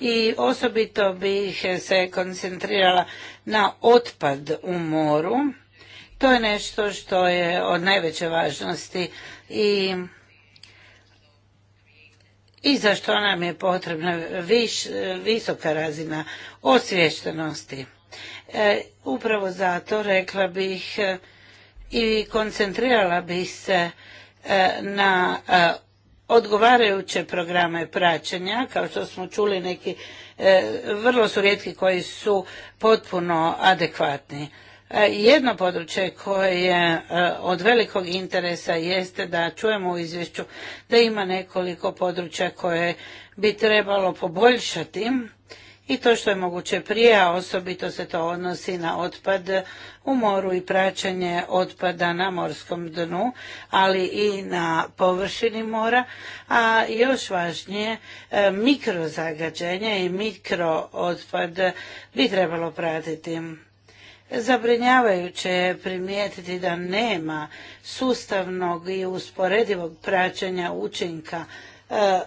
I osobito bih se koncentrirala na otpad u moru. To je nešto što je od najveće važnosti i i za što nam je potrebna viš, visoka razina osviještenosti. E, upravo zato rekla bih e, i koncentrirala bih se e, na odgovarajuće programe praćenja, kao što smo čuli neki, vrlo su rijetki koji su potpuno adekvatni. E, jedno područje koje je e, od velikog interesa jeste da čujemo u izvješću da ima nekoliko područja koje bi trebalo poboljšati i to što je moguće prije, a osobito se to odnosi na otpad u moru i praćenje otpada na morskom dnu, ali i na površini mora, a još važnije e, mikrozagađenje i mikrootpad bi trebalo pratiti. Zabrinjavajuće je primijetiti da nema sustavnog i usporedivog praćenja učinka e,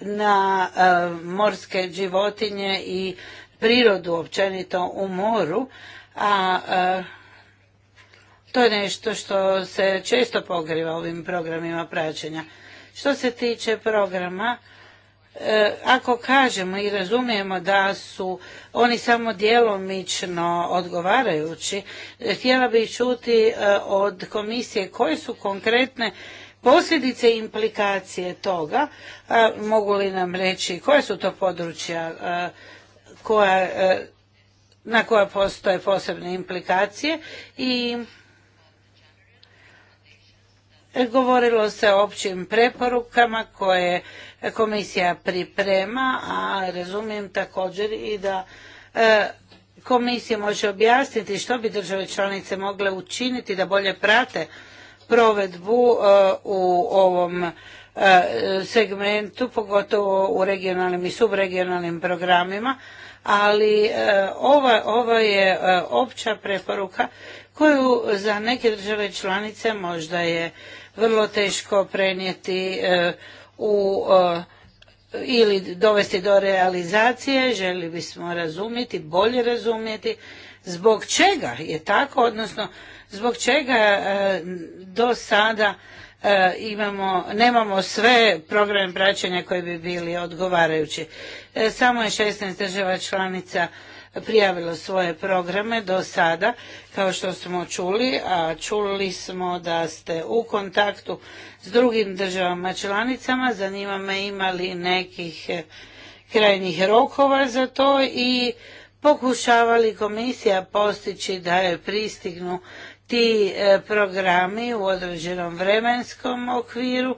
na e, morske životinje i prirodu općenito u moru, a e, to je nešto što se često pogriva ovim programima praćenja. Što se tiče programa E, ako kažemo i razumijemo da su oni samo djelomično odgovarajući, htjela bih čuti e, od komisije koje su konkretne posljedice i implikacije toga, mogu li nam reći koja su to područja e, koja, na koja postoje posebne implikacije i govorilo se o općim preporukama koje komisija priprema, a razumijem također i da e, komisija može objasniti što bi države članice mogle učiniti da bolje prate provedbu e, u ovom e, segmentu, pogotovo u regionalnim i subregionalnim programima, ali ova, je opća preporuka koju za neke države članice možda je vrlo teško prenijeti u e, ili dovesti do realizacije, želi bismo razumjeti, bolje razumjeti zbog čega je tako, odnosno zbog čega e, do sada e, imamo, nemamo sve programe praćenja koji bi bili odgovarajući. Samo je 16 država članica prijavilo svoje programe do sada, kao što smo čuli, a čuli smo da ste u kontaktu s drugim državama članicama. Zanima me imali nekih eh, krajnjih rokova za to i pokušavali komisija postići da je pristignu ti eh, programi u određenom vremenskom okviru,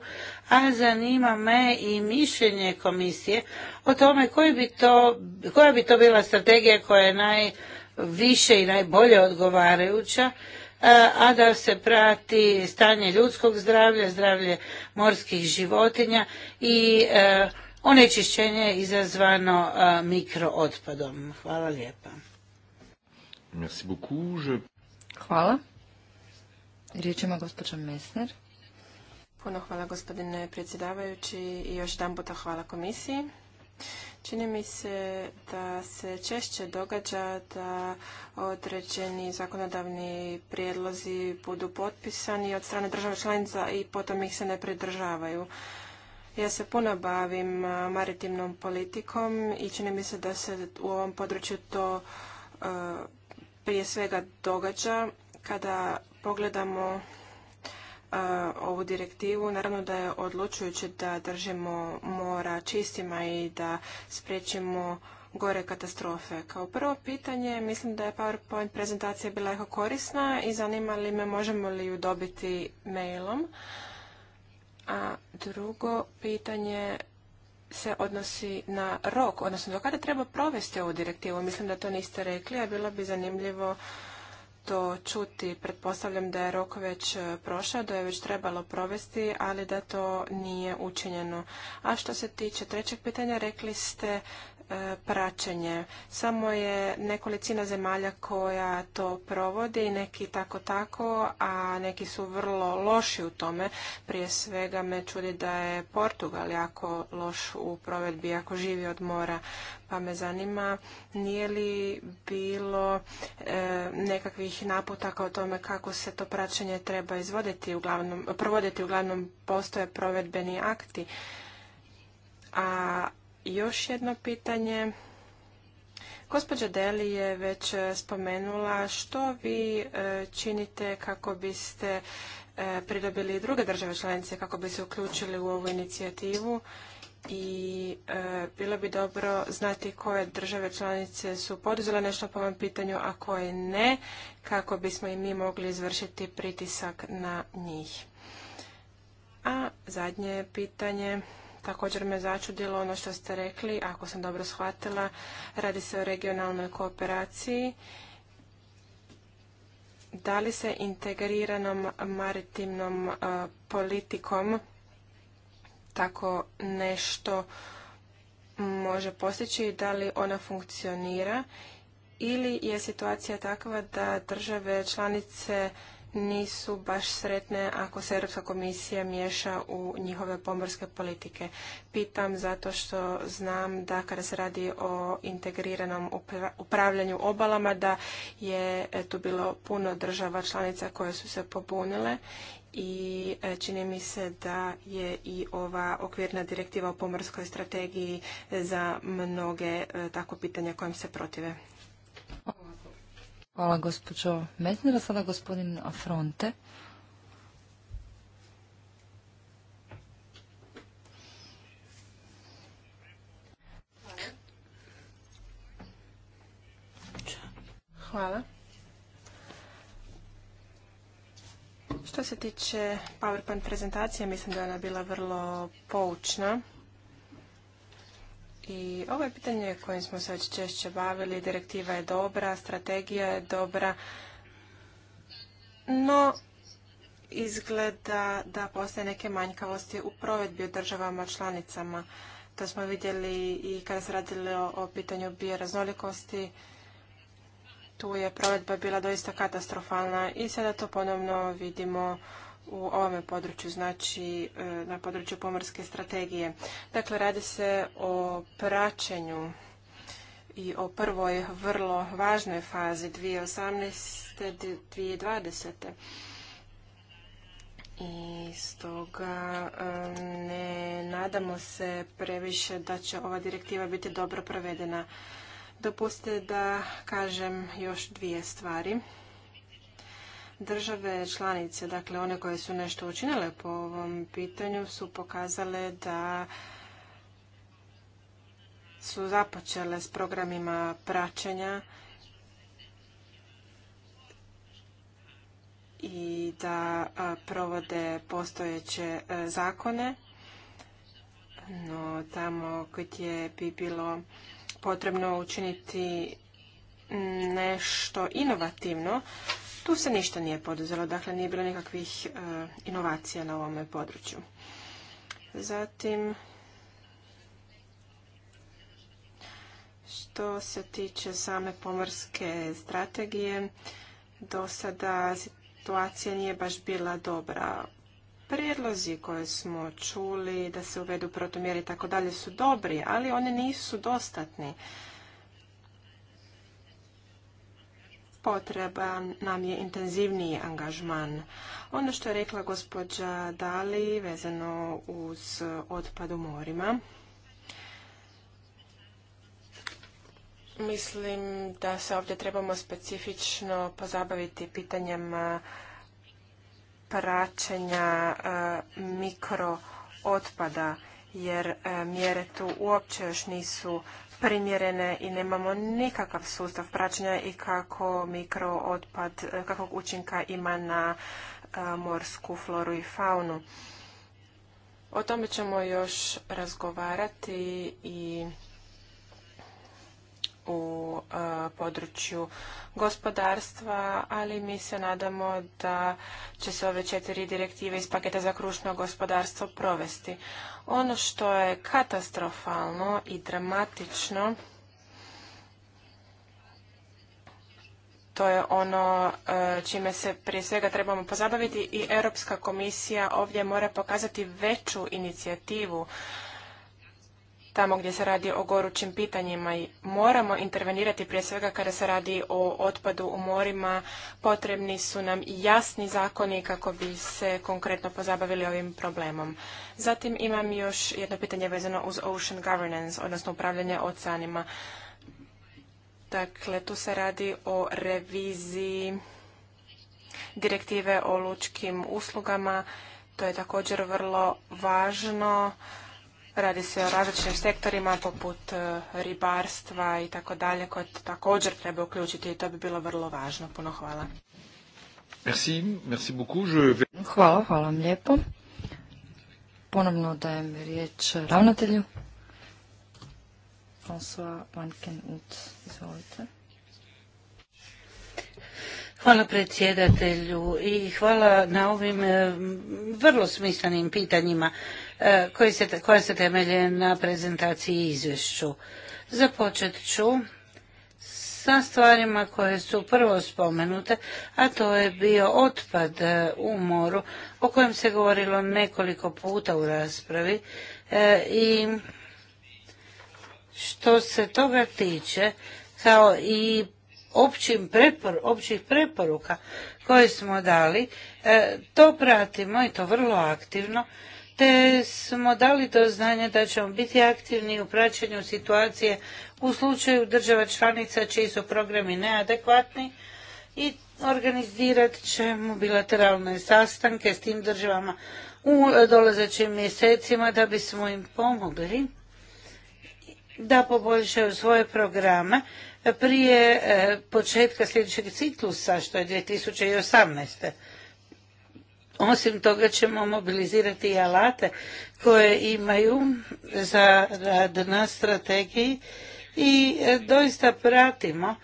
a zanima me i mišljenje komisije o tome bi to, koja bi to bila strategija koja je najviše i najbolje odgovarajuća a da se prati stanje ljudskog zdravlja, zdravlje morskih životinja i e, onečišćenje izazvano mikrootpadom. Hvala lijepa. Hvala. Riječ ima gospođa Mesner. Puno hvala gospodine predsjedavajući i još jedan puta hvala komisiji. Čini mi se da se češće događa da određeni zakonodavni prijedlozi budu potpisani od strane država članica i potom ih se ne pridržavaju. Ja se puno bavim maritimnom politikom i čini mi se da se u ovom području to prije svega događa kada pogledamo ovu direktivu. Naravno da je odlučujuće da držimo mora čistima i da spriječimo gore katastrofe. Kao prvo pitanje, mislim da je PowerPoint prezentacija bila jako korisna i zanima li me možemo li ju dobiti mailom. A drugo pitanje se odnosi na rok, odnosno do kada treba provesti ovu direktivu. Mislim da to niste rekli, a bilo bi zanimljivo to čuti. Pretpostavljam da je rok već e, prošao, da je već trebalo provesti, ali da to nije učinjeno. A što se tiče trećeg pitanja, rekli ste e, praćenje. Samo je nekolicina zemalja koja to provodi, neki tako tako, a neki su vrlo loši u tome. Prije svega me čudi da je Portugal jako loš u provedbi, ako živi od mora pa me zanima nije li bilo e, nekakvih naputaka o tome kako se to praćenje treba izvoditi, provoditi, uglavnom postoje provedbeni akti. A još jedno pitanje. Gospođa Deli je već spomenula što vi e, činite kako biste e, pridobili druge države članice kako bi se uključili u ovu inicijativu i e, bilo bi dobro znati koje države članice su poduzele nešto po ovom pitanju, a koje ne, kako bismo i mi mogli izvršiti pritisak na njih. A zadnje pitanje, također me začudilo ono što ste rekli, ako sam dobro shvatila, radi se o regionalnoj kooperaciji. Da li se integriranom maritimnom e, politikom tako nešto može postići da li ona funkcionira ili je situacija takva da države članice nisu baš sretne ako se Europska komisija miješa u njihove pomorske politike. Pitam zato što znam da kada se radi o integriranom upravljanju obalama da je e, tu bilo puno država članica koje su se pobunile i e, čini mi se da je i ova okvirna direktiva o pomorskoj strategiji za mnoge e, tako pitanja kojim se protive. Hvala gospođo Metnera, sada gospodin fronte. tiče PowerPoint prezentacije, mislim da je ona bila vrlo poučna. I ovo je pitanje kojim smo se već češće bavili. Direktiva je dobra, strategija je dobra, no izgleda da postoje neke manjkavosti u provedbi u državama članicama. To smo vidjeli i kada se radilo o pitanju bioraznolikosti, raznolikosti tu je provedba bila doista katastrofalna i sada to ponovno vidimo u ovome području, znači e, na području pomorske strategije. Dakle, radi se o praćenju i o prvoj vrlo važnoj fazi 2018. 2020. I stoga e, ne nadamo se previše da će ova direktiva biti dobro provedena. Dopustite da kažem još dvije stvari. Države članice, dakle one koje su nešto učinile po ovom pitanju, su pokazale da su započele s programima praćenja i da provode postojeće e, zakone, no tamo gdje bi bilo potrebno učiniti nešto inovativno, tu se ništa nije poduzelo, dakle nije bilo nikakvih e, inovacija na ovome području. Zatim, što se tiče same pomorske strategije, do sada situacija nije baš bila dobra. Prijedlozi koje smo čuli da se uvedu protumjeri i tako dalje su dobri, ali oni nisu dostatni. Potreba nam je intenzivniji angažman. Ono što je rekla gospođa Dali vezano uz otpad u morima. Mislim da se ovdje trebamo specifično pozabaviti pitanjem praćenja e, mikrootpada jer e, mjere tu uopće još nisu primjerene i nemamo nikakav sustav praćenja i kako mikrootpad, e, kakvog učinka ima na morsku floru i faunu. O tome ćemo još razgovarati i u e, području gospodarstva, ali mi se nadamo da će se ove četiri direktive iz paketa za krušno gospodarstvo provesti. Ono što je katastrofalno i dramatično to je ono e, čime se prije svega trebamo pozabaviti i Europska komisija ovdje mora pokazati veću inicijativu tamo gdje se radi o gorućim pitanjima i moramo intervenirati prije svega kada se radi o otpadu u morima. Potrebni su nam jasni zakoni kako bi se konkretno pozabavili ovim problemom. Zatim imam još jedno pitanje vezano uz ocean governance, odnosno upravljanje oceanima. Dakle, tu se radi o reviziji direktive o lučkim uslugama. To je također vrlo važno Radi se o različitim sektorima poput e, ribarstva i tako dalje koje također treba uključiti i to bi bilo vrlo važno. Puno hvala. Merci, merci beaucoup. Hvala, hvala vam lijepo. Ponovno dajem riječ ravnatelju. François Hvala predsjedatelju i hvala na ovim e, vrlo smislenim pitanjima. E, koje se, koja se temelje na prezentaciji i izvješću. Započet ću sa stvarima koje su prvo spomenute, a to je bio otpad e, u moru, o kojem se govorilo nekoliko puta u raspravi. E, I što se toga tiče, kao i općih preporuka koje smo dali, to pratimo i to vrlo aktivno te smo dali do znanja da ćemo biti aktivni u praćenju situacije u slučaju država članica čiji su programi neadekvatni i organizirat ćemo bilateralne sastanke s tim državama u dolazećim mjesecima da bismo im pomogli da poboljšaju svoje programe prije eh, početka sljedećeg ciklusa što je 2018. Osim toga ćemo mobilizirati i alate koje imaju za rad na strategiji i e, doista pratimo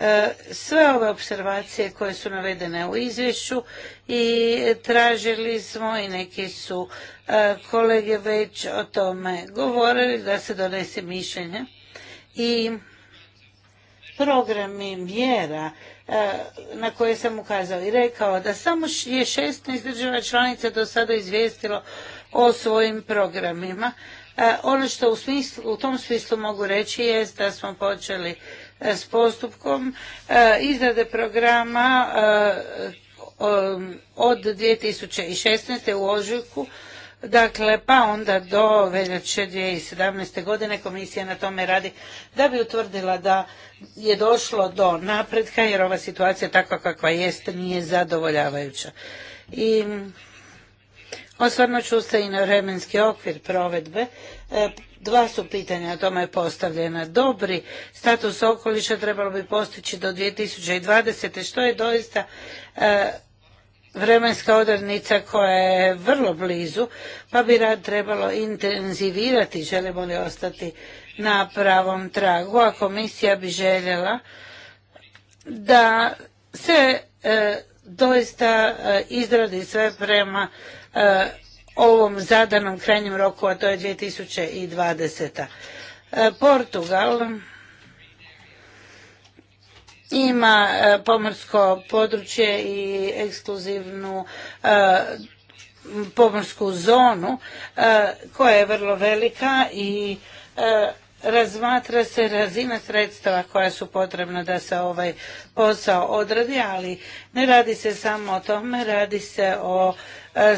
e, sve ove observacije koje su navedene u izvješću i tražili smo i neki su e, kolege već o tome govorili da se donese mišljenje i programi mjera na koje sam ukazao i rekao da samo je 16 država članica do sada izvijestilo o svojim programima. E, ono što u, smislu, u tom smislu mogu reći je da smo počeli e, s postupkom e, izrade programa od 2016. u ožujku Dakle, pa onda do veljače 2017. godine komisija na tome radi da bi utvrdila da je došlo do napretka jer ova situacija takva kakva jest nije zadovoljavajuća. I osvarno ću se i na vremenski okvir provedbe. E, dva su pitanja o tome postavljena. Dobri status okoliša trebalo bi postići do 2020. što je doista e, vremenska odrednica koja je vrlo blizu, pa bi rad trebalo intenzivirati, želimo li ostati na pravom tragu, a komisija bi željela da se e, doista e, izradi sve prema e, ovom zadanom krajnjem roku, a to je 2020. Portugal ima e, pomorsko područje i ekskluzivnu e, pomorsku zonu e, koja je vrlo velika i razmatra se razina sredstava koja su potrebna da se ovaj posao odradi, ali ne radi se samo o tome, radi se o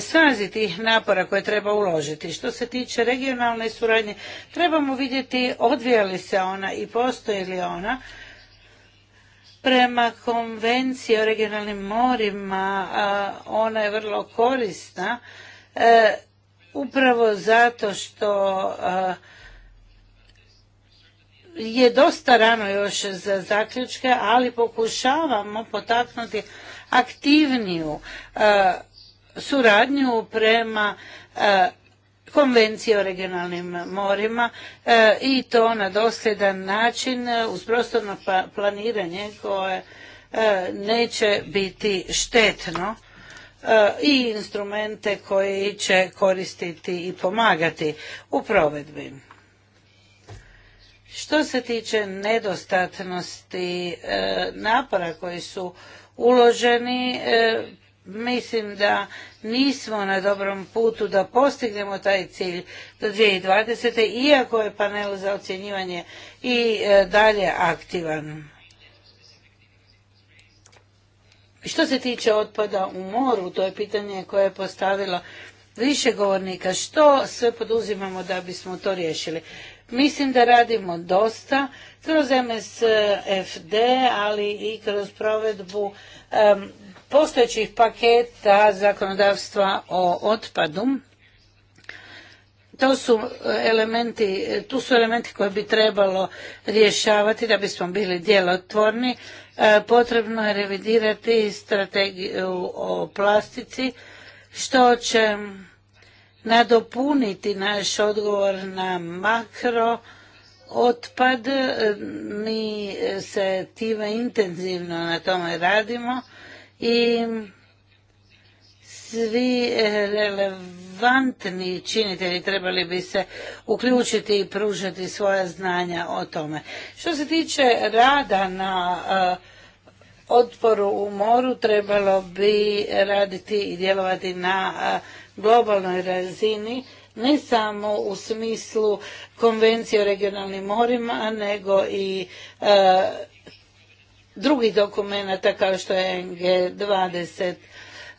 snazi tih napora koje treba uložiti. Što se tiče regionalne suradnje, trebamo vidjeti odvija li se ona i postoji li ona Prema konvenciji o regionalnim morima ona je vrlo korisna e, upravo zato što je dosta rano još za zaključke, ali pokušavamo potaknuti aktivniju suradnju prema konvencije o regionalnim morima e, i to na dosljedan način e, uz prostorno pa-, planiranje koje e, neće biti štetno i instrumente koji će koristiti i pomagati u provedbi. Što se tiče nedostatnosti napora koji su uloženi, Mislim da nismo na dobrom putu da postignemo taj cilj do 2020. iako je panel za ocjenjivanje i e, dalje aktivan. Što se tiče otpada u moru, to je pitanje koje je postavilo više govornika. Što sve poduzimamo da bismo to riješili? Mislim da radimo dosta kroz MSFD, ali i kroz provedbu postojećih paketa zakonodavstva o otpadu. To su elementi, tu su elementi koje bi trebalo rješavati da bismo bili djelotvorni. E, potrebno je revidirati strategiju o plastici, što će nadopuniti naš odgovor na makro otpad. E, mi se time intenzivno na tome radimo i svi eh, relevantni činitelji trebali bi se uključiti i pružati svoja znanja o tome. Što se tiče rada na eh, otporu u moru, trebalo bi raditi i djelovati na eh, globalnoj razini, ne samo u smislu konvencije o regionalnim morima, nego i drugih dokumenata kao što je NG20.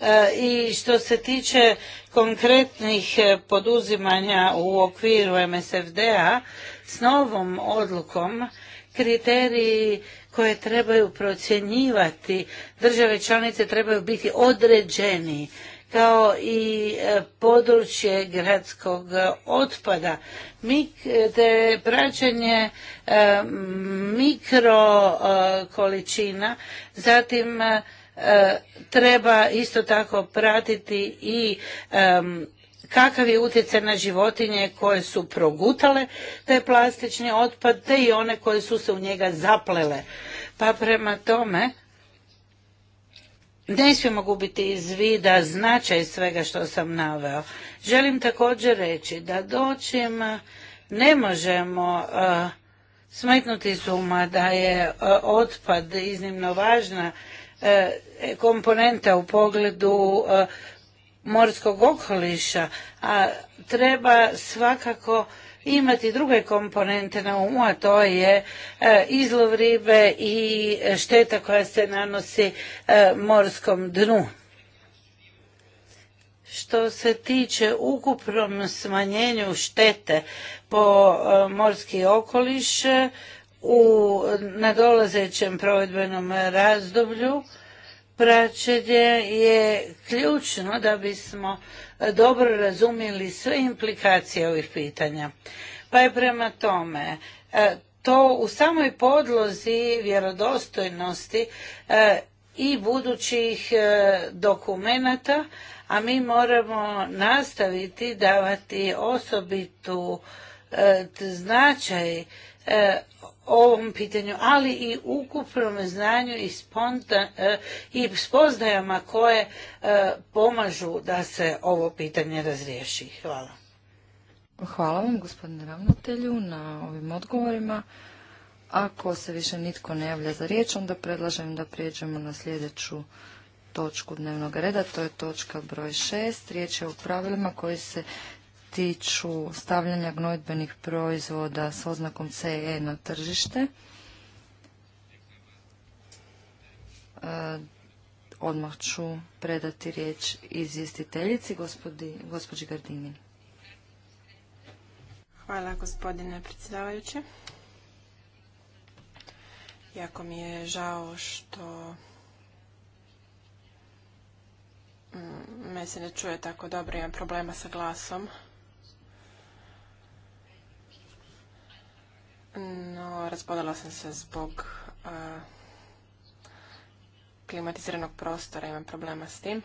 E, I što se tiče konkretnih e, poduzimanja u okviru MSFD-a, s novom odlukom kriteriji koje trebaju procjenjivati države članice trebaju biti određeni kao i e, područje gradskog e, otpada. E, te praćenje mikro količina, zatim treba isto tako pratiti i kakav je utjecaj na životinje koje su progutale taj plastični otpad te i one koje su se u njega zaplele. Pa prema tome ne smijemo gubiti iz vida značaj svega što sam naveo. Želim također reći da doćim ne možemo smetnuti suma da je otpad iznimno važna e, komponenta u pogledu morskog okoliša, a treba svakako imati druge komponente na umu, a to je e, izlov ribe i šteta koja se nanosi e, morskom dnu. Što se tiče ukupnom smanjenju štete po e, morski okoliš u nadolazećem provedbenom razdoblju, praćenje je ključno da bismo e, dobro razumjeli sve implikacije ovih pitanja. Pa je prema tome e, to u samoj podlozi vjerodostojnosti e, i budućih dokumenata, a mi moramo nastaviti davati osobitu značaj E, ovom pitanju, ali i ukupnom znanju i, e, i spoznajama koje e, pomažu da se ovo pitanje razriješi. Hvala. Hvala vam gospodine ravnatelju na ovim odgovorima. Ako se više nitko ne javlja za riječ, onda predlažem da prijeđemo na sljedeću točku dnevnog reda, to je točka broj 6. Riječ je o pravilima koji se tiču stavljanja gnojbenih proizvoda s oznakom CE na tržište. E, odmah ću predati riječ izvjestiteljici, gospodi, gospođi Gardini. Hvala gospodine predsjedavajući. Jako mi je žao što mm, me se ne čuje tako dobro, imam problema sa glasom. No, raspodala sam se zbog klimatiziranog prostora, imam problema s tim.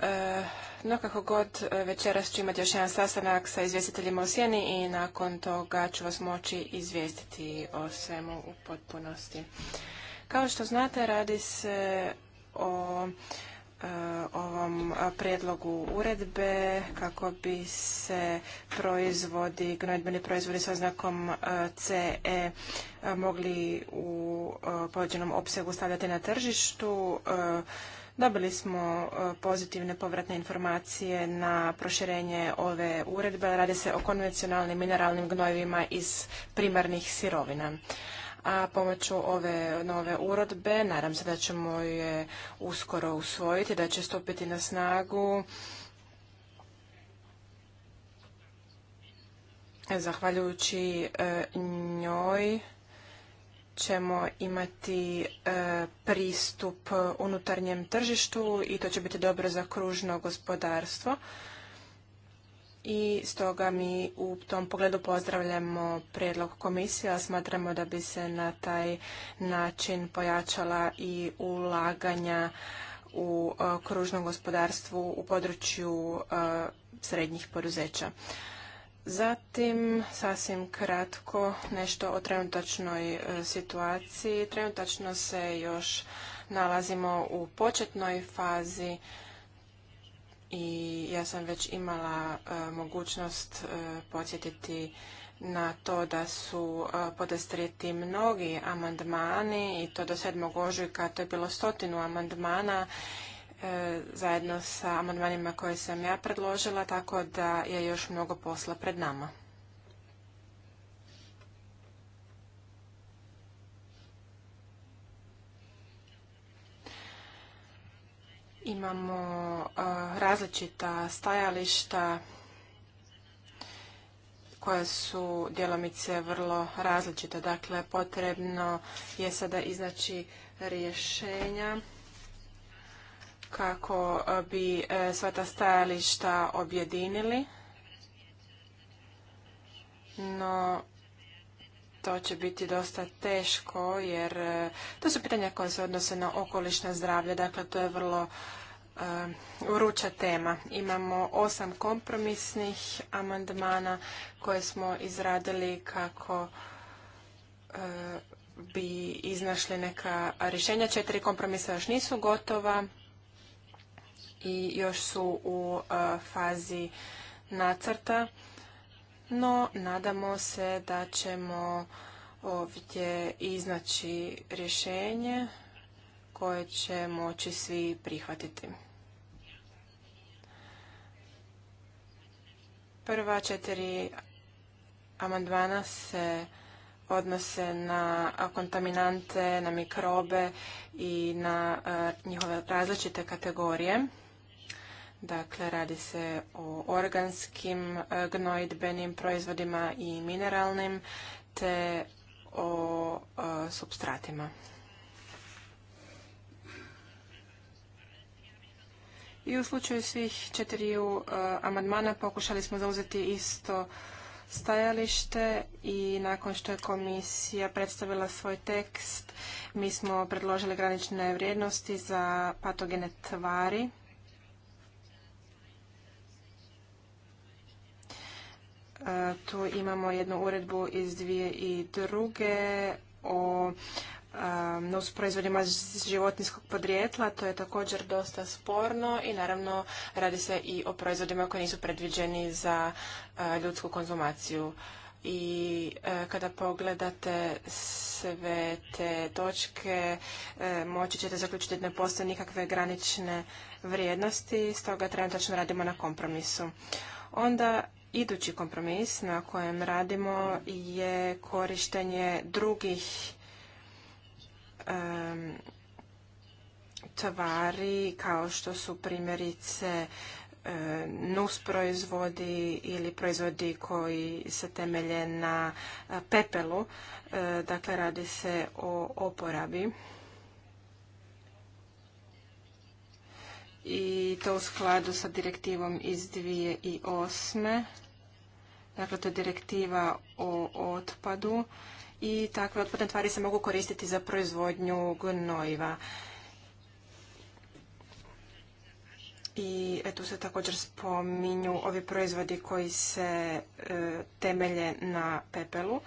E, no, kako god, večeras ću imati još jedan sastanak sa izvjestiteljima u Sjeni i nakon toga ću vas moći izvijestiti o svemu u potpunosti. Kao što znate, radi se o E, ovom prijedlogu uredbe kako bi se proizvodi, gnojidbeni proizvodi sa oznakom CE e, e, mogli u pođenom opsegu stavljati na tržištu. Dobili smo pozitivne povratne informacije na proširenje ove uredbe. Radi se o konvencionalnim mineralnim gnojivima iz primarnih sirovina a pomoću ove nove urodbe nadam se da ćemo je uskoro usvojiti, da će stupiti na snagu. Zahvaljujući e, njoj ćemo imati e, pristup unutarnjem tržištu i to će biti dobro za kružno gospodarstvo i stoga mi u tom pogledu pozdravljamo prijedlog komisije, a smatramo da bi se na taj način pojačala i ulaganja u e, kružnom gospodarstvu u području e, srednjih poduzeća. Zatim, sasvim kratko, nešto o trenutačnoj e, situaciji. Trenutačno se još nalazimo u početnoj fazi i ja sam već imala e, mogućnost e, podsjetiti na to da su e, podastrijeti mnogi amandmani i to do 7. ožujka to je bilo stotinu amandmana zajedno sa amandmanima koje sam ja predložila, tako da je još mnogo posla pred nama. Imamo različita stajališta koja su djelomice vrlo različita. Dakle, potrebno je sada iznaći rješenja kako bi e, sva ta stajališta objedinili. No, to će biti dosta teško jer e, to su pitanja koja se odnose na okolišno zdravlje, dakle to je vrlo e, vruća tema. Imamo osam kompromisnih amandmana koje smo izradili kako e, bi iznašli neka rješenja. Četiri kompromisa još nisu gotova i još su u fazi nacrta no nadamo se da ćemo ovdje iznaći rješenje koje će moći svi prihvatiti. Prva četiri amandmana se odnose na kontaminante, na mikrobe i na eh, njihove različite kategorije. Dakle, radi se o organskim e, gnojidbenim proizvodima i mineralnim, te o e, substratima. I u slučaju svih četiriju e, amandmana pokušali smo zauzeti isto stajalište i nakon što je komisija predstavila svoj tekst, mi smo predložili granične vrijednosti za patogene tvari Tu imamo jednu uredbu iz dvije i druge o proizvodima životinskog podrijetla, to je također dosta sporno i naravno radi se i o proizvodima koji nisu predviđeni za ljudsku konzumaciju. I e, kada pogledate sve te točke, e, moći ćete zaključiti da ne postoje nikakve granične vrijednosti, stoga trenutačno radimo na kompromisu. Onda idući kompromis na kojem radimo je korištenje drugih tvari kao što su primjerice nus proizvodi ili proizvodi koji se temelje na e, pepelu. E, dakle, radi se o oporabi. I to u skladu sa direktivom iz 2008. Dakle, to je direktiva o otpadu i takve otpadne tvari se mogu koristiti za proizvodnju gnojiva. I tu se također spominju ovi proizvodi koji se e, temelje na pepelu.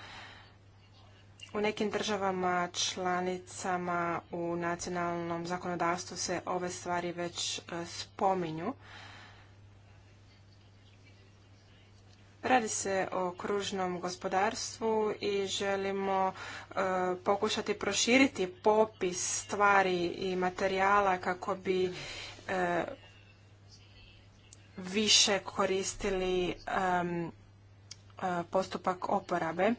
U nekim državama članicama u nacionalnom zakonodavstvu se ove stvari već e, spominju. Radi se o kružnom gospodarstvu i želimo e, pokušati proširiti popis stvari i materijala kako bi e, više koristili e, postupak oporabe.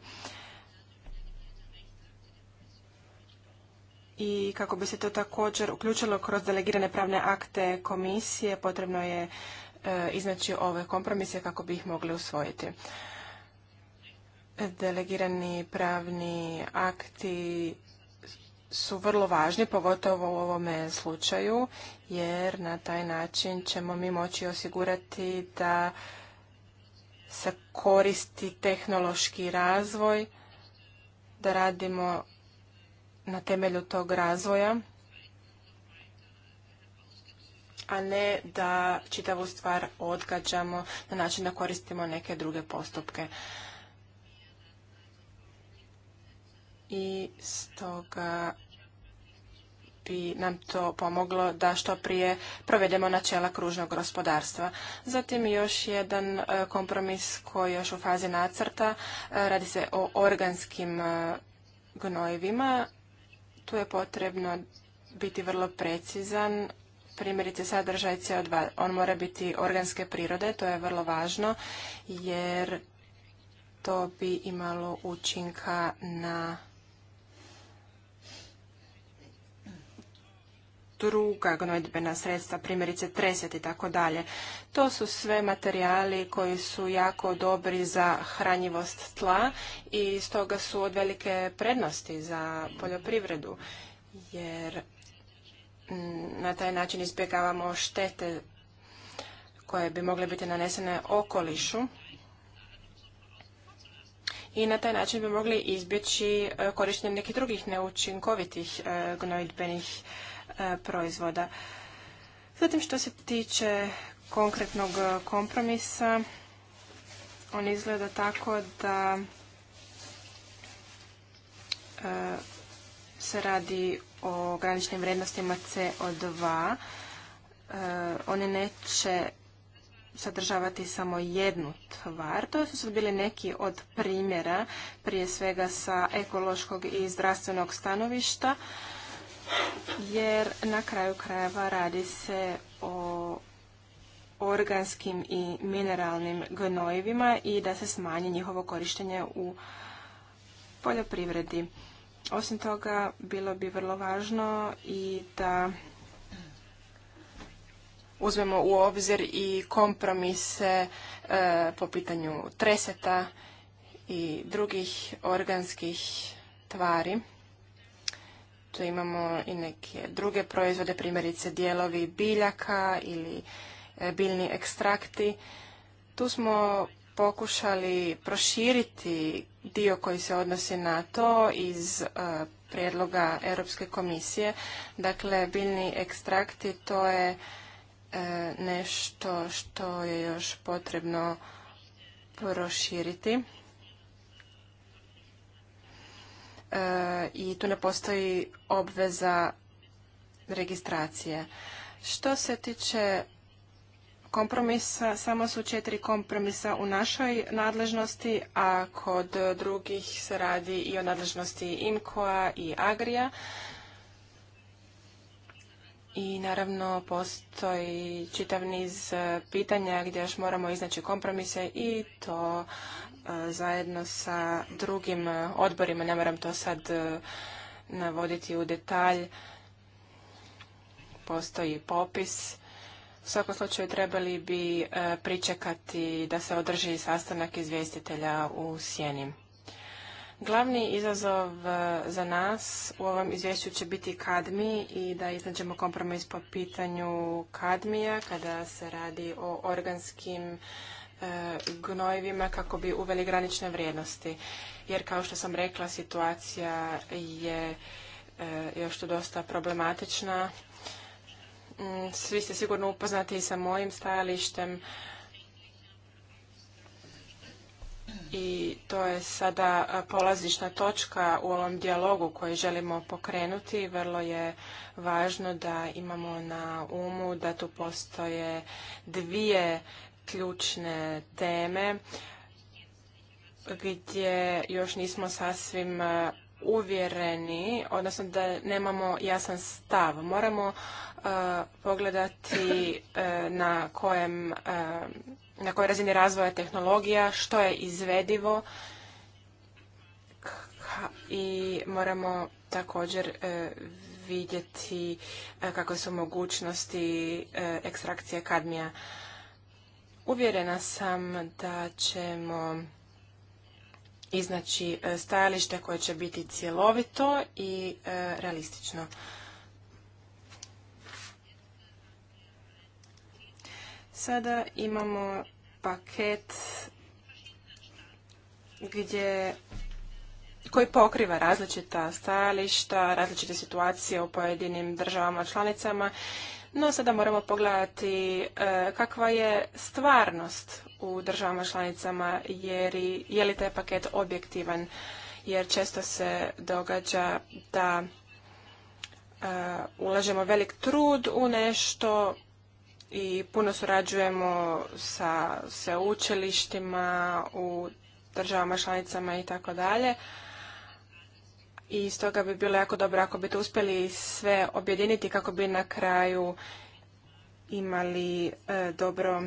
i kako bi se to također uključilo kroz delegirane pravne akte komisije, potrebno je e, iznaći ove kompromise kako bi ih mogli usvojiti. Delegirani pravni akti su vrlo važni, pogotovo u ovome slučaju, jer na taj način ćemo mi moći osigurati da se koristi tehnološki razvoj, da radimo na temelju tog razvoja, a ne da čitavu stvar odgađamo na način da koristimo neke druge postupke. I stoga bi nam to pomoglo da što prije provedemo načela kružnog gospodarstva. Zatim još jedan e, kompromis koji je još u fazi nacrta. E, radi se o organskim e, gnojevima tu je potrebno biti vrlo precizan. Primjerice sadržaj CO2, on mora biti organske prirode, to je vrlo važno jer to bi imalo učinka na druga gnojdbena sredstva, primjerice treset i tako dalje. To su sve materijali koji su jako dobri za hranjivost tla i stoga su od velike prednosti za poljoprivredu, jer mm, na taj način izbjegavamo štete koje bi mogle biti nanesene okolišu i na taj način bi mogli izbjeći e, korištenje nekih drugih neučinkovitih e, gnojidbenih E, proizvoda. Zatim što se tiče konkretnog kompromisa, on izgleda tako da e, se radi o graničnim vrijednostima CO2. E, one neće sadržavati samo jednu tvar. To su bili neki od primjera, prije svega sa ekološkog i zdravstvenog stanovišta jer na kraju krajeva radi se o organskim i mineralnim gnojivima i da se smanji njihovo korištenje u poljoprivredi. Osim toga, bilo bi vrlo važno i da uzmemo u obzir i kompromise e, po pitanju treseta i drugih organskih tvari. Tu imamo i neke druge proizvode, primjerice dijelovi biljaka ili e, biljni ekstrakti. Tu smo pokušali proširiti dio koji se odnosi na to iz e, prijedloga Europske komisije. Dakle, biljni ekstrakti to je e, nešto što je još potrebno proširiti. i tu ne postoji obveza registracije. Što se tiče kompromisa, samo su četiri kompromisa u našoj nadležnosti, a kod drugih se radi i o nadležnosti INKO-a i Agrija. I naravno postoji čitav niz pitanja gdje još moramo iznaći kompromise i to E, zajedno sa drugim e, odborima, ne moram to sad e, navoditi u detalj, postoji popis. U svakom slučaju trebali bi pričekati da se održi sastanak izvjestitelja u Sjeni. Glavni izazov za nas u ovom izvješću će biti kadmi i da iznađemo kompromis po pitanju kadmija kada se radi o organskim E, gnojivima kako bi uveli granične vrijednosti. Jer kao što sam rekla, situacija je e, još tu dosta problematična. Mm, svi ste sigurno upoznati i sa mojim stajalištem. I to je sada polazišna točka u ovom dijalogu koji želimo pokrenuti. Vrlo je važno da imamo na umu da tu postoje dvije ključne teme gdje još nismo sasvim e, uvjereni, odnosno da nemamo jasan stav. Moramo e, pogledati e, na kojem na kojoj razini razvoja tehnologija, što je izvedivo i moramo također vidjeti kako su mogućnosti ekstrakcije kadmija Uvjerena sam da ćemo iznaći e, stajalište koje će biti cjelovito i e, realistično. Sada imamo paket gdje koji pokriva različita stajališta, različite situacije u pojedinim državama članicama no sada moramo pogledati e, kakva je stvarnost u državama članicama jer je li taj paket objektivan jer često se događa da e, ulažemo velik trud u nešto i puno surađujemo sa sveučilištima u državama članicama i tako dalje i stoga bi bilo jako dobro ako biste uspjeli sve objediniti kako bi na kraju imali e, dobro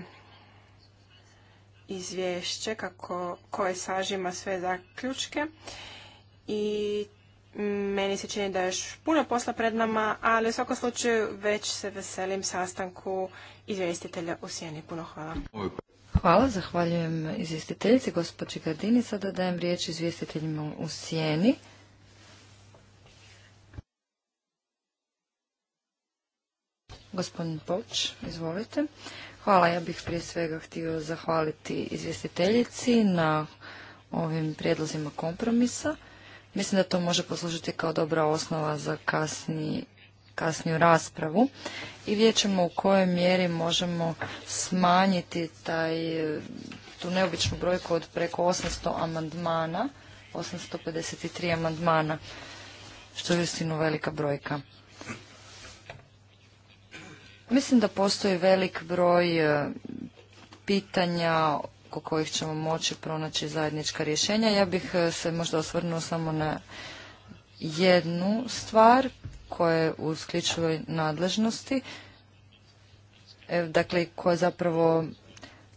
izvješće kako, koje sažima sve zaključke i meni se čini da je još puno posla pred nama, ali u svakom slučaju već se veselim sastanku izvjestitelja u Sjeni. Puno hvala. Hvala, zahvaljujem izvjestiteljici, gospođi Gardini. Sada dajem riječ izvjestiteljima u Sjeni. Gospodin Poč, izvolite. Hvala, ja bih prije svega htio zahvaliti izvjestiteljici na ovim prijedlozima kompromisa. Mislim da to može poslužiti kao dobra osnova za kasni, kasniju raspravu i vidjet ćemo u kojoj mjeri možemo smanjiti taj, tu neobičnu brojku od preko 800 amandmana, 853 amandmana, što je uistinu velika brojka. Mislim da postoji velik broj e, pitanja oko kojih ćemo moći pronaći zajednička rješenja. Ja bih e, se možda osvrnuo samo na jednu stvar koja je u isključivoj nadležnosti, e, dakle koja je zapravo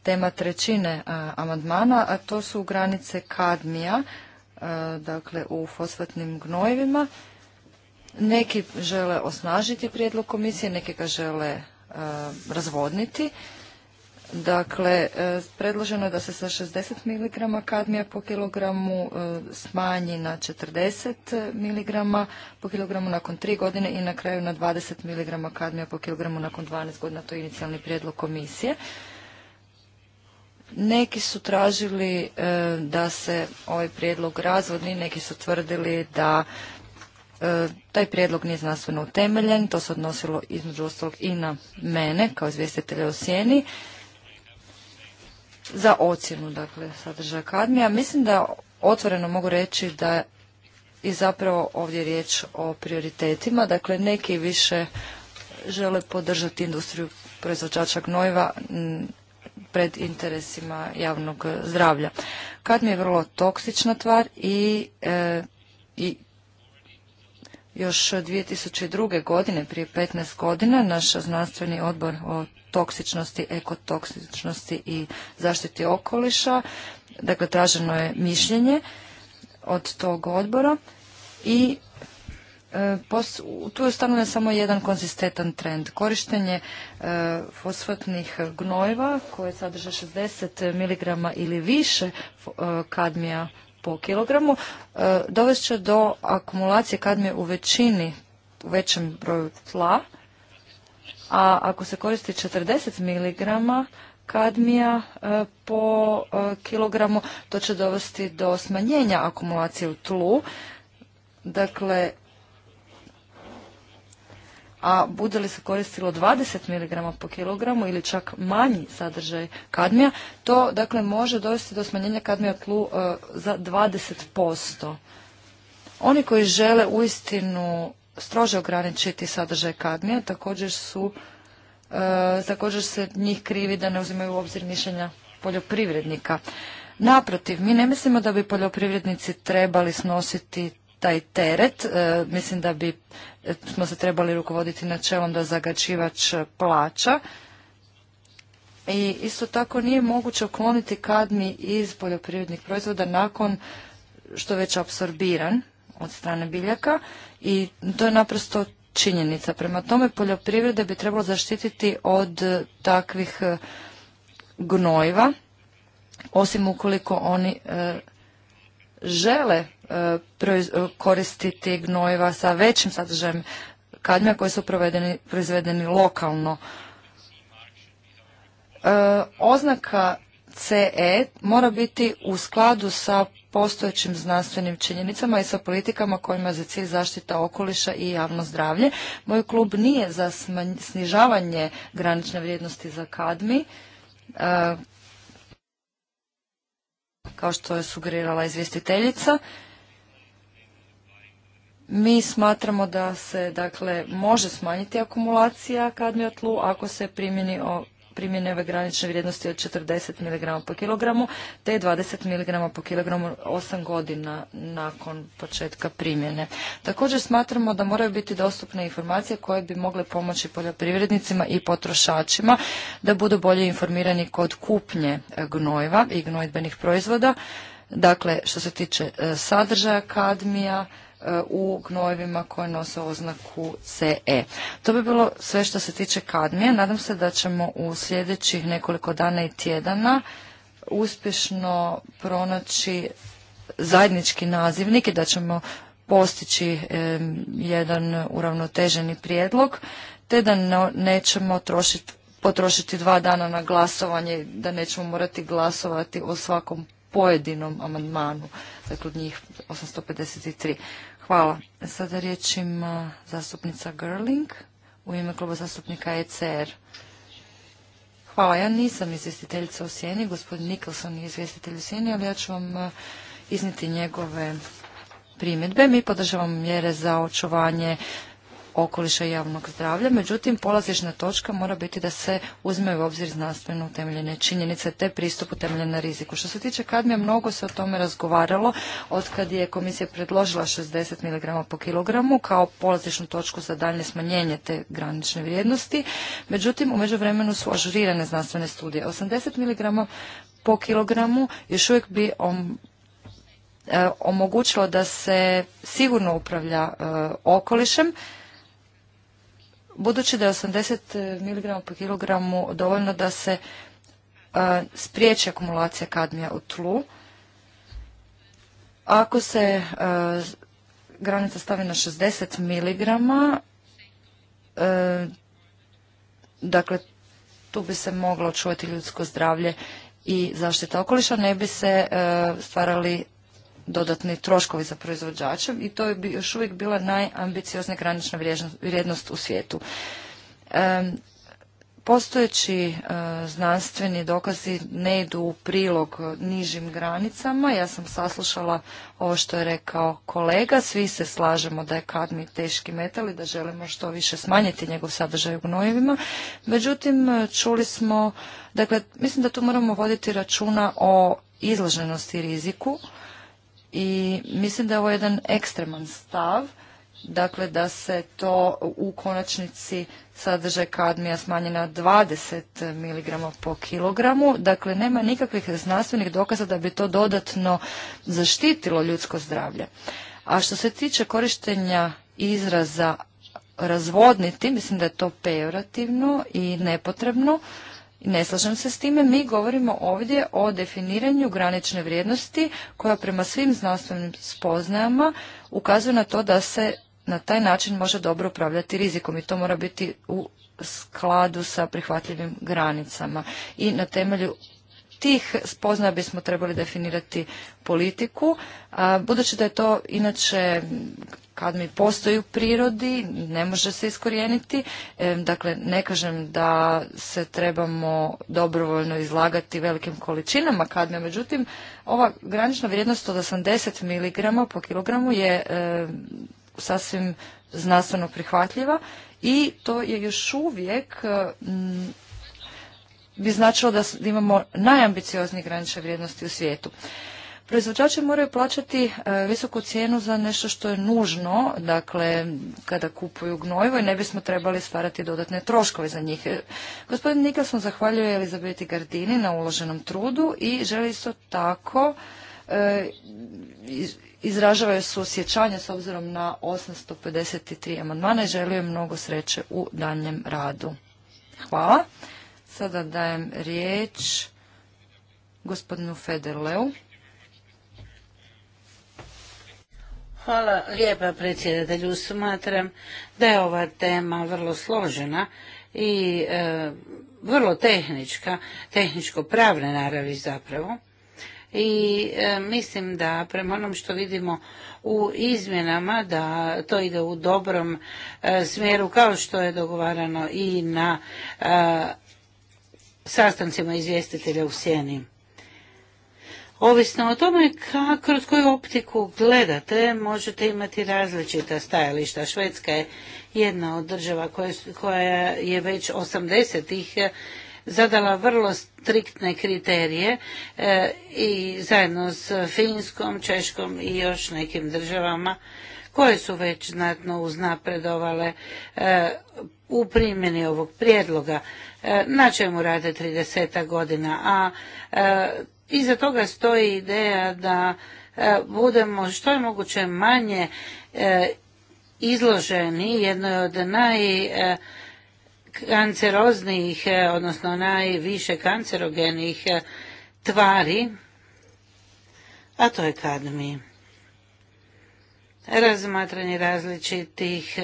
tema trećine amandmana, a to su granice kadmija, dakle u fosfatnim gnojivima. Neki žele osnažiti prijedlog komisije, neki ga žele e, razvodniti. Dakle, e, predloženo je da se sa 60 mg kadmija po kilogramu e, smanji na 40 mg po kilogramu nakon 3 godine i na kraju na 20 mg kadmija po kilogramu nakon 12 godina. To je inicijalni prijedlog komisije. Neki su tražili da se ovaj prijedlog razvodni, neki su tvrdili da E, taj prijedlog nije znanstveno utemeljen, to se odnosilo između ostalog i na mene kao izvjestitelja o sjeni za ocjenu dakle, sadržaja kadmija. Mislim da otvoreno mogu reći da je zapravo ovdje riječ o prioritetima. Dakle, neki više žele podržati industriju proizvođača gnojiva pred interesima javnog zdravlja. kadmije je vrlo toksična tvar i, e, i još 2002. godine, prije 15 godina, naš znanstveni odbor o toksičnosti, ekotoksičnosti i zaštiti okoliša, dakle traženo je mišljenje od tog odbora i e, tu je ustanovljen samo jedan konzistentan trend. Korištenje e, fosfatnih gnojiva koje sadrže 60 mg ili više e, kadmija po kilogramu, e, dovest će do akumulacije kadmije u većini, u većem broju tla, a ako se koristi 40 mg kadmija e, po e, kilogramu, to će dovesti do smanjenja akumulacije u tlu. Dakle, a bude li se koristilo 20 mg po kilogramu ili čak manji sadržaj kadmija, to dakle može dovesti do smanjenja kadmija tlu e, za 20%. Oni koji žele uistinu strože ograničiti sadržaj kadmija također su e, također se njih krivi da ne uzimaju u obzir mišljenja poljoprivrednika. Naprotiv, mi ne mislimo da bi poljoprivrednici trebali snositi taj teret. E, mislim da bi e, smo se trebali rukovoditi načelom da zagačivač plaća. I isto tako nije moguće ukloniti kadmi iz poljoprivrednih proizvoda nakon što već apsorbiran od strane biljaka i to je naprosto činjenica. Prema tome poljoprivrede bi trebalo zaštititi od takvih e, gnojiva, osim ukoliko oni žele koristiti gnojiva sa većim sadržajem kadmija koji su proizvedeni lokalno. E, oznaka CE mora biti u skladu sa postojećim znanstvenim činjenicama i sa politikama kojima za cilj zaštita okoliša i javno zdravlje. Moj klub nije za snižavanje granične vrijednosti za kadmi, e, kao što je sugerirala izvjestiteljica. Mi smatramo da se dakle može smanjiti akumulacija kadmija tlu ako se primjeni o primjene ove granične vrijednosti od 40 mg po kilogramu te 20 mg po kilogramu 8 godina nakon početka primjene. Također smatramo da moraju biti dostupne informacije koje bi mogle pomoći poljoprivrednicima i potrošačima da budu bolje informirani kod kupnje e, gnojeva i gnojbenih proizvoda. Dakle, što se tiče e, sadržaja kadmija, E, u gnojevima koje nose oznaku CE. To bi bilo sve što se tiče kadmija. Nadam se da ćemo u sljedećih nekoliko dana i tjedana uspješno pronaći zajednički nazivnik i da ćemo postići e, jedan uravnoteženi prijedlog, te da nećemo potrošiti dva dana na glasovanje, da nećemo morati glasovati o svakom pojedinom amandmanu, dakle od njih 853. Hvala. Sada riječ zastupnica Gerling u ime kluba zastupnika ECR. Hvala, ja nisam izvjestiteljica u Sjeni, gospodin Nikolson je izvjestitelj u Sjeni, ali ja ću vam eh, izniti njegove primjedbe. Mi podržavamo mjere za očuvanje okoliša i javnog zdravlja, međutim polazišna točka mora biti da se uzme u obzir znanstveno utemeljene činjenice te pristup utemljen na riziku. Što se tiče kadmija, mnogo se o tome razgovaralo od kad je komisija predložila 60 mg po kilogramu kao polazišnu točku za daljnje smanjenje te granične vrijednosti. Međutim, u međuvremenu su ažurirane znanstvene studije. 80 mg po kilogramu još uvijek bi e, omogućilo da se sigurno upravlja e, okolišem budući da je 80 mg po kilogramu dovoljno da se e, spriječi akumulacija kadmija u tlu. Ako se e, granica stavi na 60 mg, e, dakle, tu bi se moglo očuvati ljudsko zdravlje i zaštita okoliša, ne bi se stvarali dodatni troškovi za proizvođače i to je još uvijek bila najambicioznija granična vrijednost u svijetu. postojeći e, znanstveni dokazi ne idu u prilog nižim granicama. Ja sam saslušala ovo što je rekao kolega. Svi se slažemo da je kadmi teški metal i da želimo što više smanjiti njegov sadržaj u gnojivima. Međutim, e, čuli smo, dakle, mislim da tu moramo voditi računa o izloženosti riziku i mislim da je ovo jedan ekstreman stav, dakle da se to u konačnici sadržaj kadmija smanjena na 20 mg po kilogramu. Dakle, nema nikakvih znanstvenih dokaza da bi to dodatno zaštitilo ljudsko zdravlje. A što se tiče korištenja izraza razvodniti, mislim da je to pejorativno i nepotrebno. Ne slažem se s time, mi govorimo ovdje o definiranju granične vrijednosti koja prema svim znanstvenim spoznajama ukazuje na to da se na taj način može dobro upravljati rizikom i to mora biti u skladu sa prihvatljivim granicama. I na temelju tih spoznaja bismo trebali definirati politiku, budući da je to inače mi postoji u prirodi, ne može se iskorijeniti. dakle, ne kažem da se trebamo dobrovoljno izlagati velikim količinama kadme, međutim, ova granična vrijednost od 80 mg po kilogramu je sasvim znanstveno prihvatljiva i to je još uvijek bi značilo da imamo najambicioznije granične vrijednosti u svijetu. Proizvođači moraju plaćati e, visoku cijenu za nešto što je nužno, dakle kada kupuju gnojivo i ne bismo trebali stvarati dodatne troškove za njih. E, gospodin Nikolson zahvaljuje Elizabeti Gardini na uloženom trudu i želi isto tako e, izražavaju osjećanje s obzirom na 853 amandmana i želim mnogo sreće u danjem radu. Hvala. Sada dajem riječ gospodinu Federleu. Hvala lijepa predsjedatelju. Smatram da je ova tema vrlo složena i e, vrlo tehnička, tehničko-pravne naravi zapravo. I e, mislim da prema onom što vidimo u izmjenama da to ide u dobrom e, smjeru kao što je dogovarano i na sastancima izvjestitelja u Sjeni. Ovisno o tome kroz koju optiku gledate, možete imati različita stajališta. Švedska je jedna od država koja je već 80-ih eh, zadala vrlo striktne kriterije eh, i zajedno s Finskom, Češkom i još nekim državama koje su već znatno uznapredovale eh, u primjeni ovog prijedloga, na čemu rade 30 godina, a iza toga stoji ideja da e, budemo što je moguće manje e, izloženi jednoj od najkanceroznijih, e, odnosno najviše kancerogenih tvari, a to je kadmi. Razmatranje različitih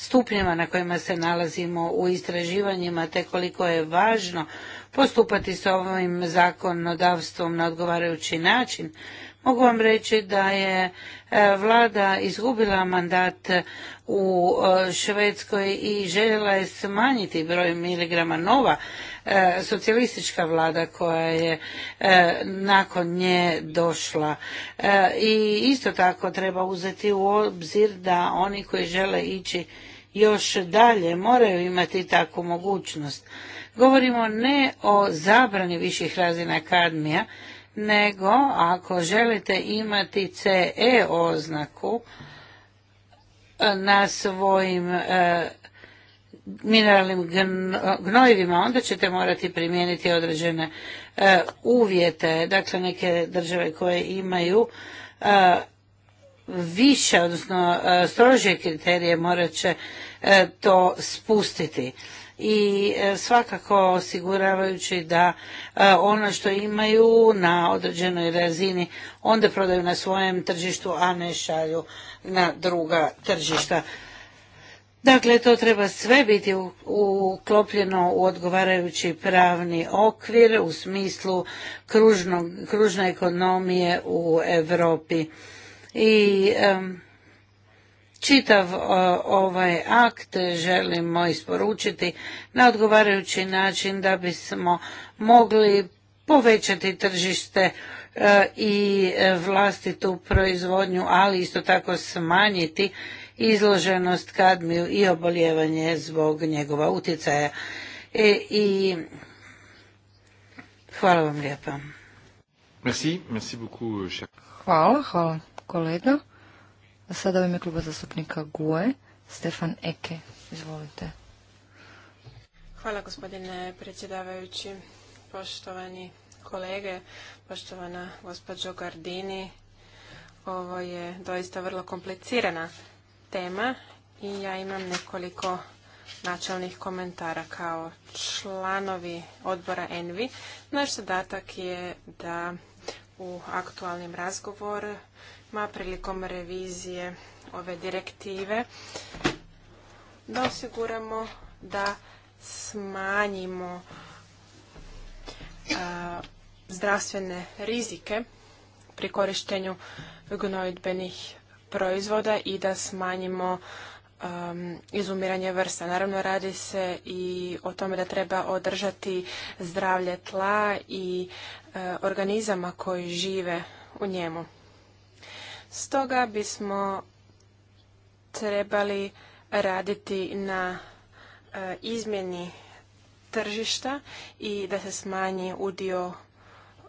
stupnjima na kojima se nalazimo u istraživanjima te koliko je važno postupati s ovim zakonodavstvom na odgovarajući način. Mogu vam reći da je e, vlada izgubila mandat u e, Švedskoj i željela je smanjiti broj miligrama nova e, socijalistička vlada koja je nakon nje došla. I isto tako treba uzeti u obzir da oni koji žele ići još dalje moraju imati takvu mogućnost. Govorimo ne o zabrani viših razina kadmija, nego ako želite imati CE oznaku e, na svojim e, mineralnim gnojivima, onda ćete morati primijeniti određene e, uvjete. Dakle, neke države koje imaju više, odnosno e, strožije kriterije morat će e, to spustiti i e, svakako osiguravajući da ono što imaju na određenoj razini onda prodaju na svojem tržištu, a ne šalju na druga tržišta. Dakle, to treba sve biti uklopljeno u odgovarajući pravni okvir u smislu kružne ekonomije u Europi i čitav ovaj akt želimo isporučiti na odgovarajući način da bismo mogli povećati tržište e, i vlastitu proizvodnju, ali isto tako smanjiti izloženost kadmiju i oboljevanje zbog njegova utjecaja. E, I hvala vam lijepa. Merci, merci beaucoup, Hvala, hvala kolega. sada u ime kluba zastupnika GUE, Stefan Eke. Izvolite. Hvala gospodine predsjedavajući, poštovani kolege, poštovana gospođo Gardini. Ovo je doista vrlo komplicirana tema i ja imam nekoliko načelnih komentara kao članovi odbora Envi. Naš zadatak je da u aktualnim razgovorima prilikom revizije ove direktive da osiguramo da smanjimo zdravstvene rizike pri korištenju gnojidbenih proizvoda i da smanjimo izumiranje vrsta. Naravno radi se i o tome da treba održati zdravlje tla i E, organizama koji žive u njemu. Stoga bismo trebali raditi na e, izmjeni tržišta i da se smanji udio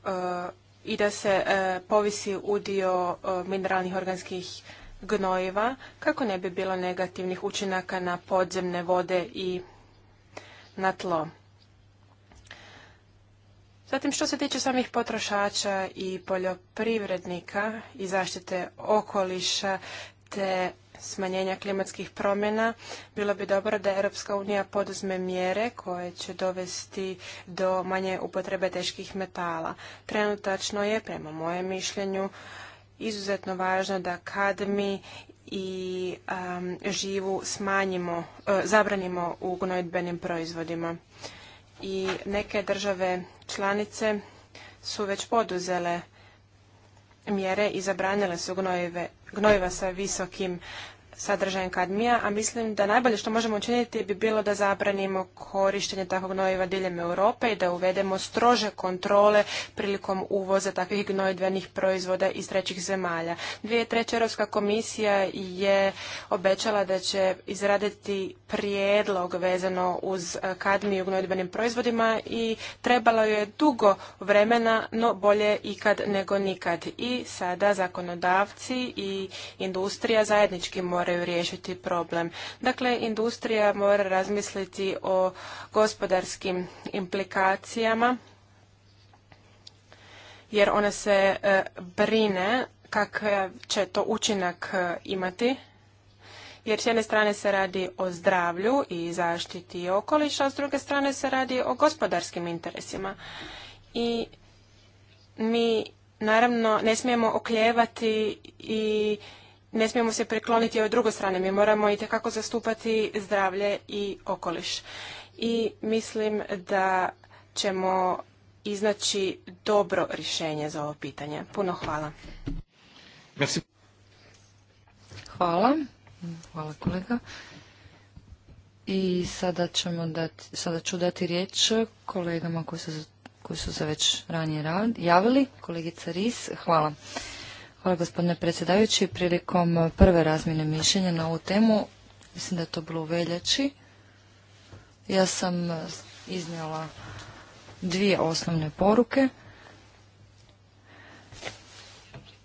e, i da se povisi udio mineralnih organskih gnojiva kako ne bi bilo negativnih učinaka na podzemne vode i na tlo. Zatim što se tiče samih potrošača i poljoprivrednika i zaštite okoliša te smanjenja klimatskih promjena, bilo bi dobro da Europska unija poduzme mjere koje će dovesti do manje upotrebe teških metala. Trenutačno je, prema mojem mišljenju, izuzetno važno da kadmi i živu smanjimo, e, zabranimo u gnojidbenim proizvodima i neke države članice su već poduzele mjere i zabranile su gnojiva sa visokim sadržajem kadmija, a mislim da najbolje što možemo učiniti bi bilo da zabranimo korištenje takvog gnojiva diljem Europe i da uvedemo strože kontrole prilikom uvoza takvih gnojdvenih proizvoda iz trećih zemalja. dvije tri Europska komisija je obećala da će izraditi prijedlog vezano uz e, kadmiju u proizvodima i trebalo je dugo vremena, no bolje ikad nego nikad. I sada zakonodavci i industrija zajednički moraju moraju riješiti problem. Dakle, industrija mora razmisliti o gospodarskim implikacijama jer ona se e, brine kakav e, će to učinak e, imati jer s jedne strane se radi o zdravlju i zaštiti okoliša, a s druge strane se radi o gospodarskim interesima. I mi naravno ne smijemo okljevati i ne smijemo se prekloniti od drugo strane. Mi moramo i tekako zastupati zdravlje i okoliš. I mislim da ćemo iznaći dobro rješenje za ovo pitanje. Puno hvala. Hvala. Hvala kolega. I sada, ćemo dati, sada ću dati riječ kolegama koji su, koji su se već ranije javili. Kolegica Ris, hvala. Hvala gospodine predsjedavajući. Prilikom prve razmjene mišljenja na ovu temu, mislim da je to bilo u veljači, ja sam iznijela dvije osnovne poruke.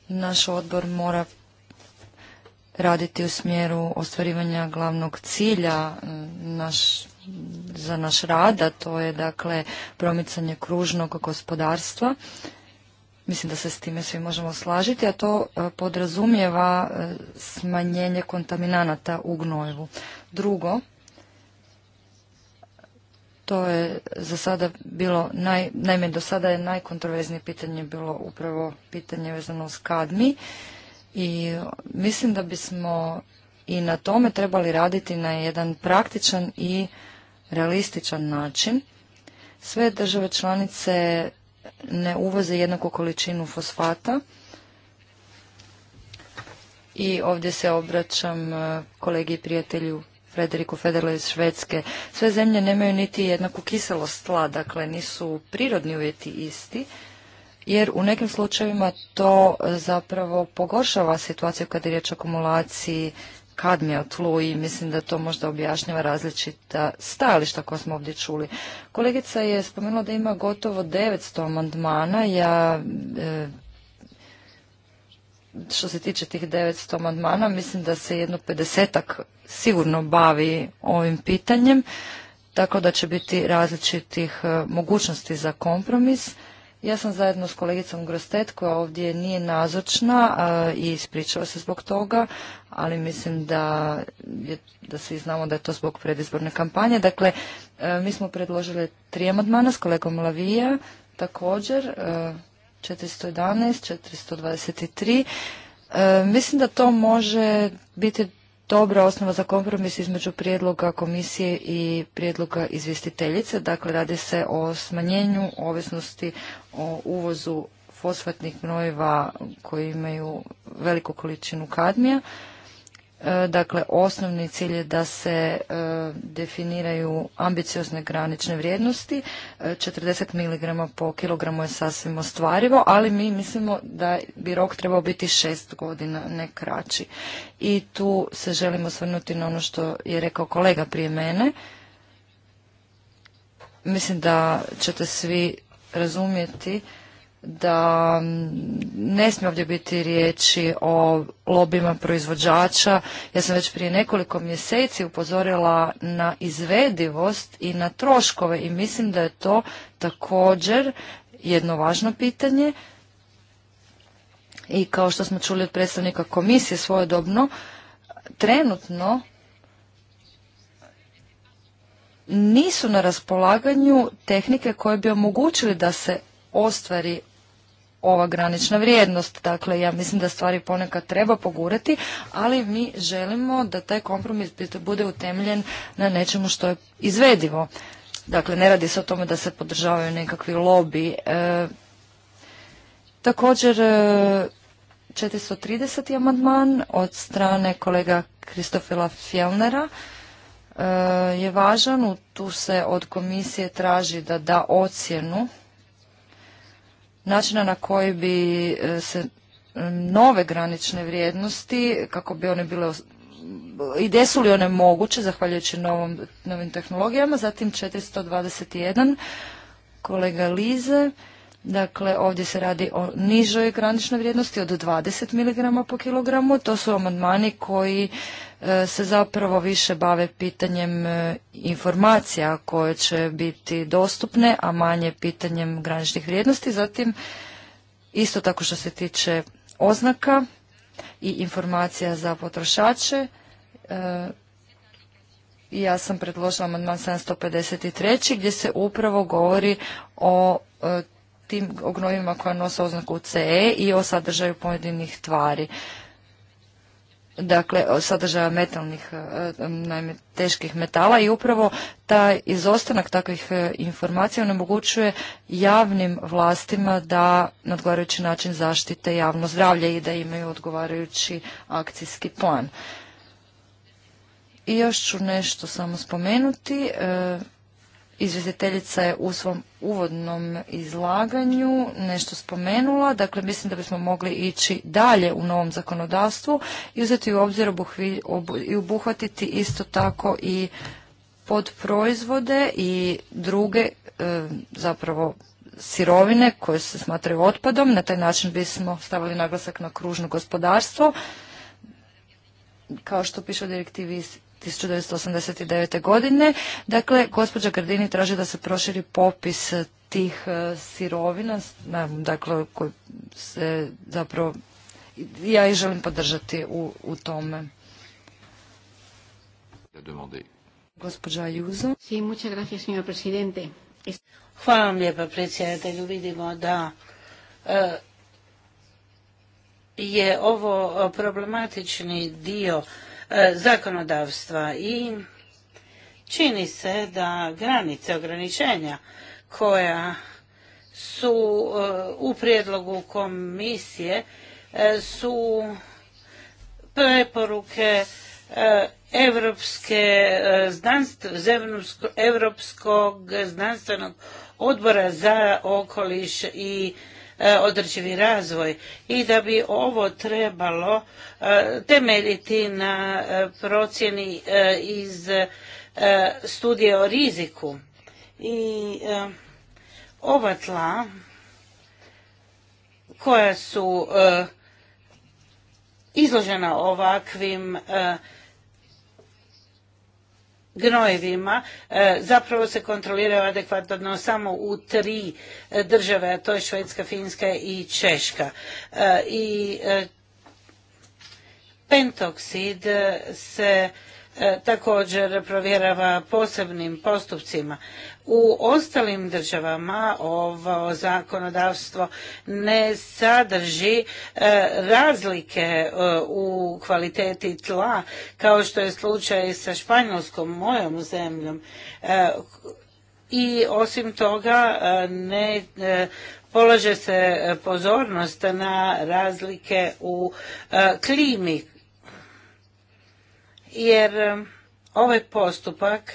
Naš odbor mora raditi u smjeru ostvarivanja glavnog cilja mm, naš, za naš rad, a to je dakle promicanje kružnog gospodarstva Mislim da se s time svi možemo slažiti, a to e, podrazumijeva e, smanjenje kontaminanata u gnojevu. Drugo, to je za sada bilo, naj, naime do sada je najkontroverznije pitanje bilo upravo pitanje vezano uz kadmi i mislim da bismo i na tome trebali raditi na jedan praktičan i realističan način. Sve države članice ne uvoze jednaku količinu fosfata. I ovdje se obraćam e, kolegi i prijatelju Frederiku Federle iz Švedske. Sve zemlje nemaju niti jednaku kiselost tla, dakle nisu prirodni uvjeti isti, jer u nekim slučajevima to e, zapravo pogoršava situaciju kada je riječ o akumulaciji kadmija tlu i mislim da to možda objašnjava različita stajališta koja smo ovdje čuli. Kolegica je spomenula da ima gotovo 900 amandmana. Ja e, što se tiče tih 900 amandmana, mislim da se jedno 50-ak sigurno bavi ovim pitanjem, tako da će biti različitih e, mogućnosti za kompromis. Ja sam zajedno s kolegicom Grostet koja ovdje nije nazočna i ispričava se zbog toga, ali mislim da, da svi znamo da je to zbog predizborne kampanje. Dakle, e, mi smo predložili tri amandmana s kolegom Lavija, također 411, e, 423. E, mislim da to može biti dobra osnova za kompromis između prijedloga komisije i prijedloga izvjestiteljice. Dakle, radi se o smanjenju ovisnosti o uvozu fosfatnih gnojiva koji imaju veliku količinu kadmija E, dakle, osnovni cilj je da se e, definiraju ambiciozne granične vrijednosti. 40 e, mg po kilogramu je sasvim ostvarivo, ali mi mislimo da bi rok trebao biti šest godina, ne kraći. I tu se želimo osvrnuti na ono što je rekao kolega prije mene. Mislim da ćete svi razumjeti da ne smije ovdje biti riječi o lobima proizvođača. Ja sam već prije nekoliko mjeseci upozorila na izvedivost i na troškove i mislim da je to također jedno važno pitanje. I kao što smo čuli od predstavnika komisije svojedobno, trenutno nisu na raspolaganju tehnike koje bi omogućili da se ostvari ova granična vrijednost. Dakle, ja mislim da stvari ponekad treba pogurati, ali mi želimo da taj kompromis bude utemeljen na nečemu što je izvedivo. Dakle, ne radi se o tome da se podržavaju nekakvi lobi. E, također, 430. E, amandman od strane kolega Kristofila Fjellnera e, je važan. Tu se od komisije traži da da ocjenu načina na koji bi e, se e, nove granične vrijednosti, kako bi one bile i gdje li one moguće zahvaljujući novom, novim tehnologijama. Zatim 421 kolega Lize Dakle, ovdje se radi o nižoj graničnoj vrijednosti od 20 mg po kilogramu. To su amandmani koji e, se zapravo više bave pitanjem e, informacija koje će biti dostupne, a manje pitanjem graničnih vrijednosti. Zatim, isto tako što se tiče oznaka i informacija za potrošače, e, ja sam predložila amandman 753. gdje se upravo govori o tim ognovima koja nose oznaku CE i o sadržaju pojedinih tvari. Dakle, sadržaja metalnih, e, naime, teških metala i upravo taj izostanak takvih e, informacija onemogućuje javnim vlastima da na odgovarajući način zaštite javno zdravlje i da imaju odgovarajući akcijski plan. I još ću nešto samo spomenuti. E, Izvjestiteljica je u svom uvodnom izlaganju nešto spomenula, dakle mislim da bismo mogli ići dalje u novom zakonodavstvu i uzeti u obzir i obuhvatiti isto tako i podproizvode i druge e, zapravo sirovine koje se smatraju otpadom. Na taj način bismo stavili naglasak na kružno gospodarstvo, kao što piše u direktivi iz 1989. godine. Dakle, gospođa Gardini traži da se proširi popis eh, tih eh, sirovina, dakle, koji se zapravo, ja i želim podržati u, tome. Gospođa Juzo. Sí, muchas gracias, señor presidente. Hvala vam lijepa, predsjedatelju. Vidimo da eh, je ovo problematični dio E, zakonodavstva i čini se da granice ograničenja koja su e, u prijedlogu komisije e, su preporuke Evropske, Evropskog znanstvenog odbora za okoliš i E, održivi razvoj i da bi ovo trebalo e, temeljiti na e, procjeni iz studije o riziku. I ova tla koja su izložena ovakvim gnojevima e, zapravo se kontroliraju adekvatno samo u tri e, države, a to je Švedska, Finska i Češka. E, I pentoksid se također provjerava posebnim postupcima u ostalim državama ovo zakonodavstvo ne sadrži e, razlike e, u kvaliteti tla kao što je slučaj sa Španjolskom, mojom zemljom. E, I osim toga ne polaže se pozornost na razlike u klimi jer ovaj postupak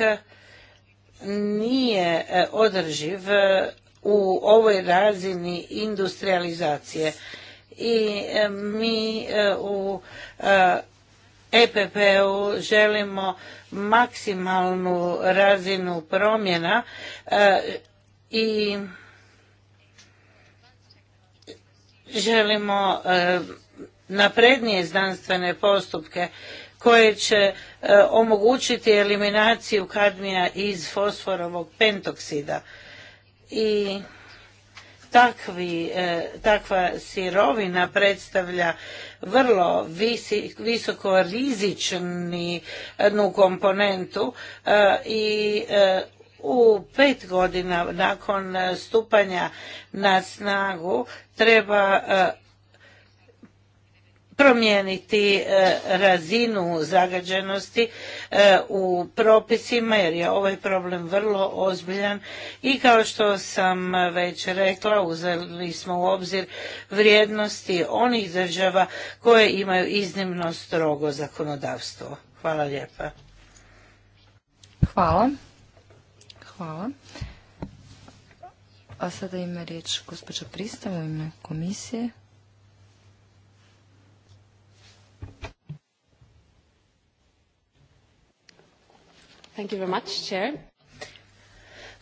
nije e, održiv e, u ovoj razini industrializacije i e, mi u EPP-u želimo maksimalnu razinu promjena i želimo naprednije znanstvene postupke koje će E, omogućiti eliminaciju kadmija iz fosforovog pentoksida. I takvi, e, takva sirovina predstavlja vrlo visoko rizičnu komponentu e, i u pet godina nakon stupanja na snagu treba promijeniti e, razinu zagađenosti e, u propisima jer je ovaj problem vrlo ozbiljan i kao što sam već rekla uzeli smo u obzir vrijednosti onih država koje imaju iznimno strogo zakonodavstvo. Hvala lijepa. Hvala. Hvala. A sada ima riječ gospođa Pristava u ime komisije.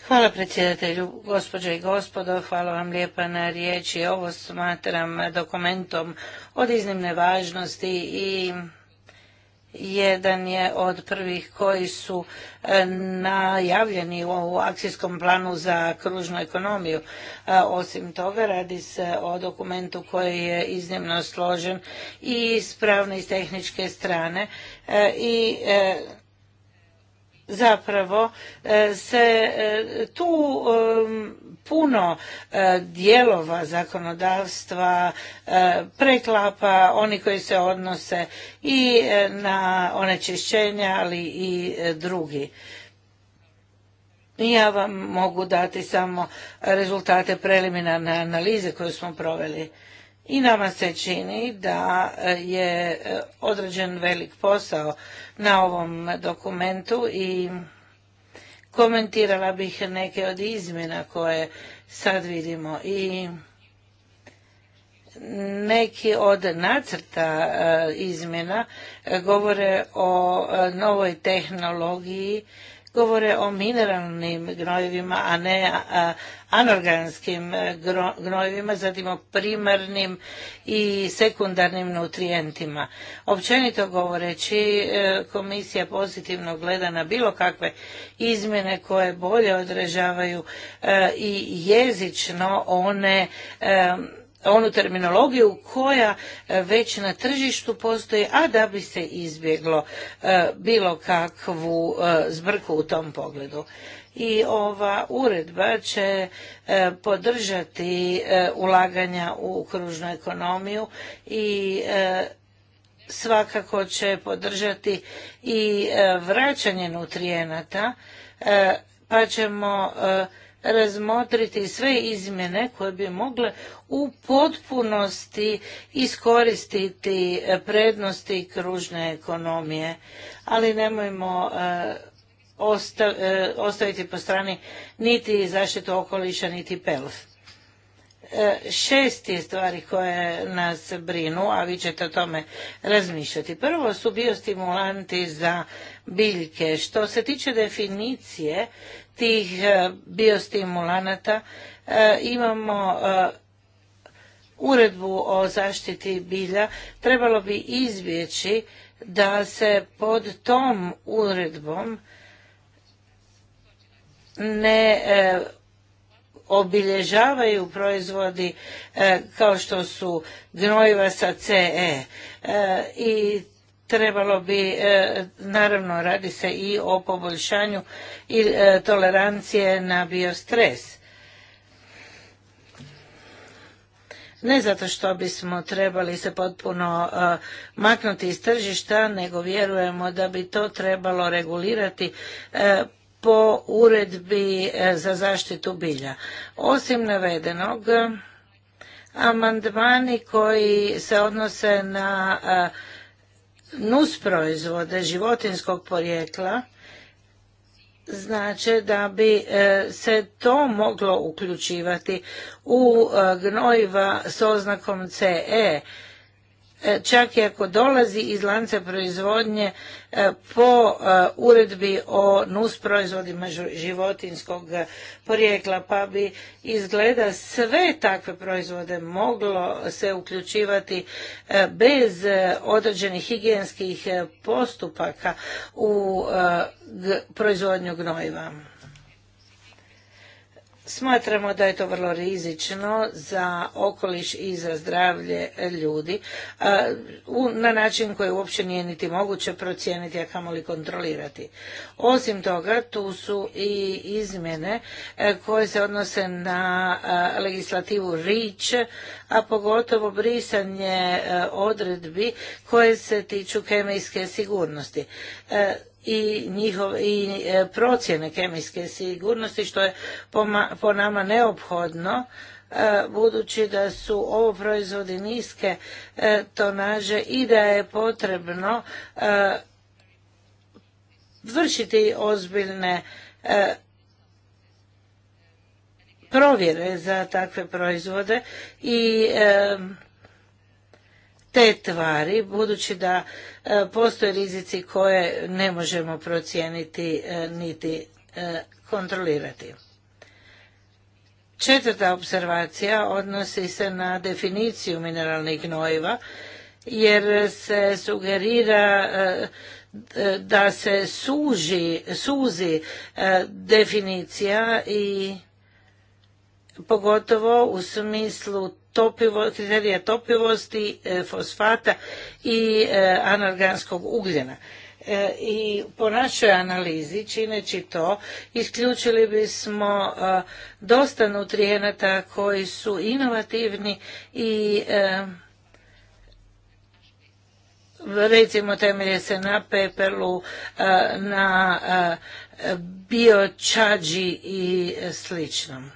Hvala predsjedatelju, gospođe i gospodo, hvala vam lijepa na riječi. Ovo smatram dokumentom od iznimne važnosti i jedan je od prvih koji su e, najavljeni u akcijskom planu za kružnu ekonomiju. E, osim toga radi se o dokumentu koji je iznimno složen i s pravne i tehničke strane e, i zapravo e, se e, tu e, puno dijelova zakonodavstva preklapa oni koji se odnose i na onečišćenja ali i drugi ja vam mogu dati samo rezultate preliminarne analize koju smo proveli i nama se čini da e, je e, određen velik posao na ovom dokumentu i komentirala bih neke od izmjena koje sad vidimo i neki od nacrta e, izmjena govore o novoj tehnologiji govore o mineralnim gnojivima, a ne anorganskim e, gnojivima, zatim o primarnim i sekundarnim nutrijentima. Općenito govoreći, e, komisija pozitivno gleda na bilo kakve izmjene koje bolje odrežavaju e, i jezično one onu terminologiju koja e, već na tržištu postoji, a da bi se izbjeglo e, bilo kakvu e, zbrku u tom pogledu. I ova uredba će podržati ulaganja u kružnu ekonomiju i svakako će podržati i vraćanje nutrijenata, pa ćemo razmotriti sve izmjene koje bi mogle u potpunosti iskoristiti e, prednosti kružne ekonomije. Ali nemojmo e, e, ostaviti po strani niti zaštitu okoliša, niti PELF. E, šest je stvari koje nas brinu, a vi ćete o tome razmišljati. Prvo su biostimulanti za biljke. Što se tiče definicije tih e, biostimulanata, e, imamo uredbu o zaštiti bilja. Trebalo bi izbjeći da se pod tom uredbom ne obilježavaju proizvodi e, kao što su gnojiva sa CE. E, I trebalo bi, e, naravno radi se i o poboljšanju i tolerancije na biostres. Ne zato što bismo trebali se potpuno maknuti iz tržišta, nego vjerujemo da bi to trebalo regulirati po uredbi e, za zaštitu bilja. Osim navedenog, e, amandmani koji se odnose na e, nus proizvode životinskog porijekla znači da bi se to moglo uključivati u gnojiva s oznakom CE E, čak i ako dolazi iz lanca proizvodnje e, po e, uredbi o nus proizvodima životinskog porijekla, pa bi izgleda sve takve proizvode moglo se uključivati bez određenih higijenskih postupaka u proizvodnju gnojiva. Smatramo da je to vrlo rizično za okoliš i za zdravlje ljudi na način koji uopće nije niti moguće procijeniti, a kamoli kontrolirati. Osim toga, tu su i izmjene e, koje se odnose na legislativu REACH, a pogotovo brisanje e, odredbi koje se tiču kemijske sigurnosti. E, i, i e, procjene kemijske sigurnosti što je po, po nama neophodno e, budući da su ovo proizvodi niske e, tonaže i da je potrebno vršiti ozbiljne provjere za takve proizvode i te tvari, budući da e, postoje rizici koje ne možemo procijeniti e, niti e, kontrolirati. Četvrta observacija odnosi se na definiciju mineralnih gnojiva, jer se sugerira da se suži, suzi definicija i pogotovo u smislu topivo, topivosti e, fosfata i e, anorganskog ugljena e, i po našoj analizi čineći to isključili bismo dosta nutrijenata koji su inovativni i recimo temelje se na pepelu, na biočađi i sličnom.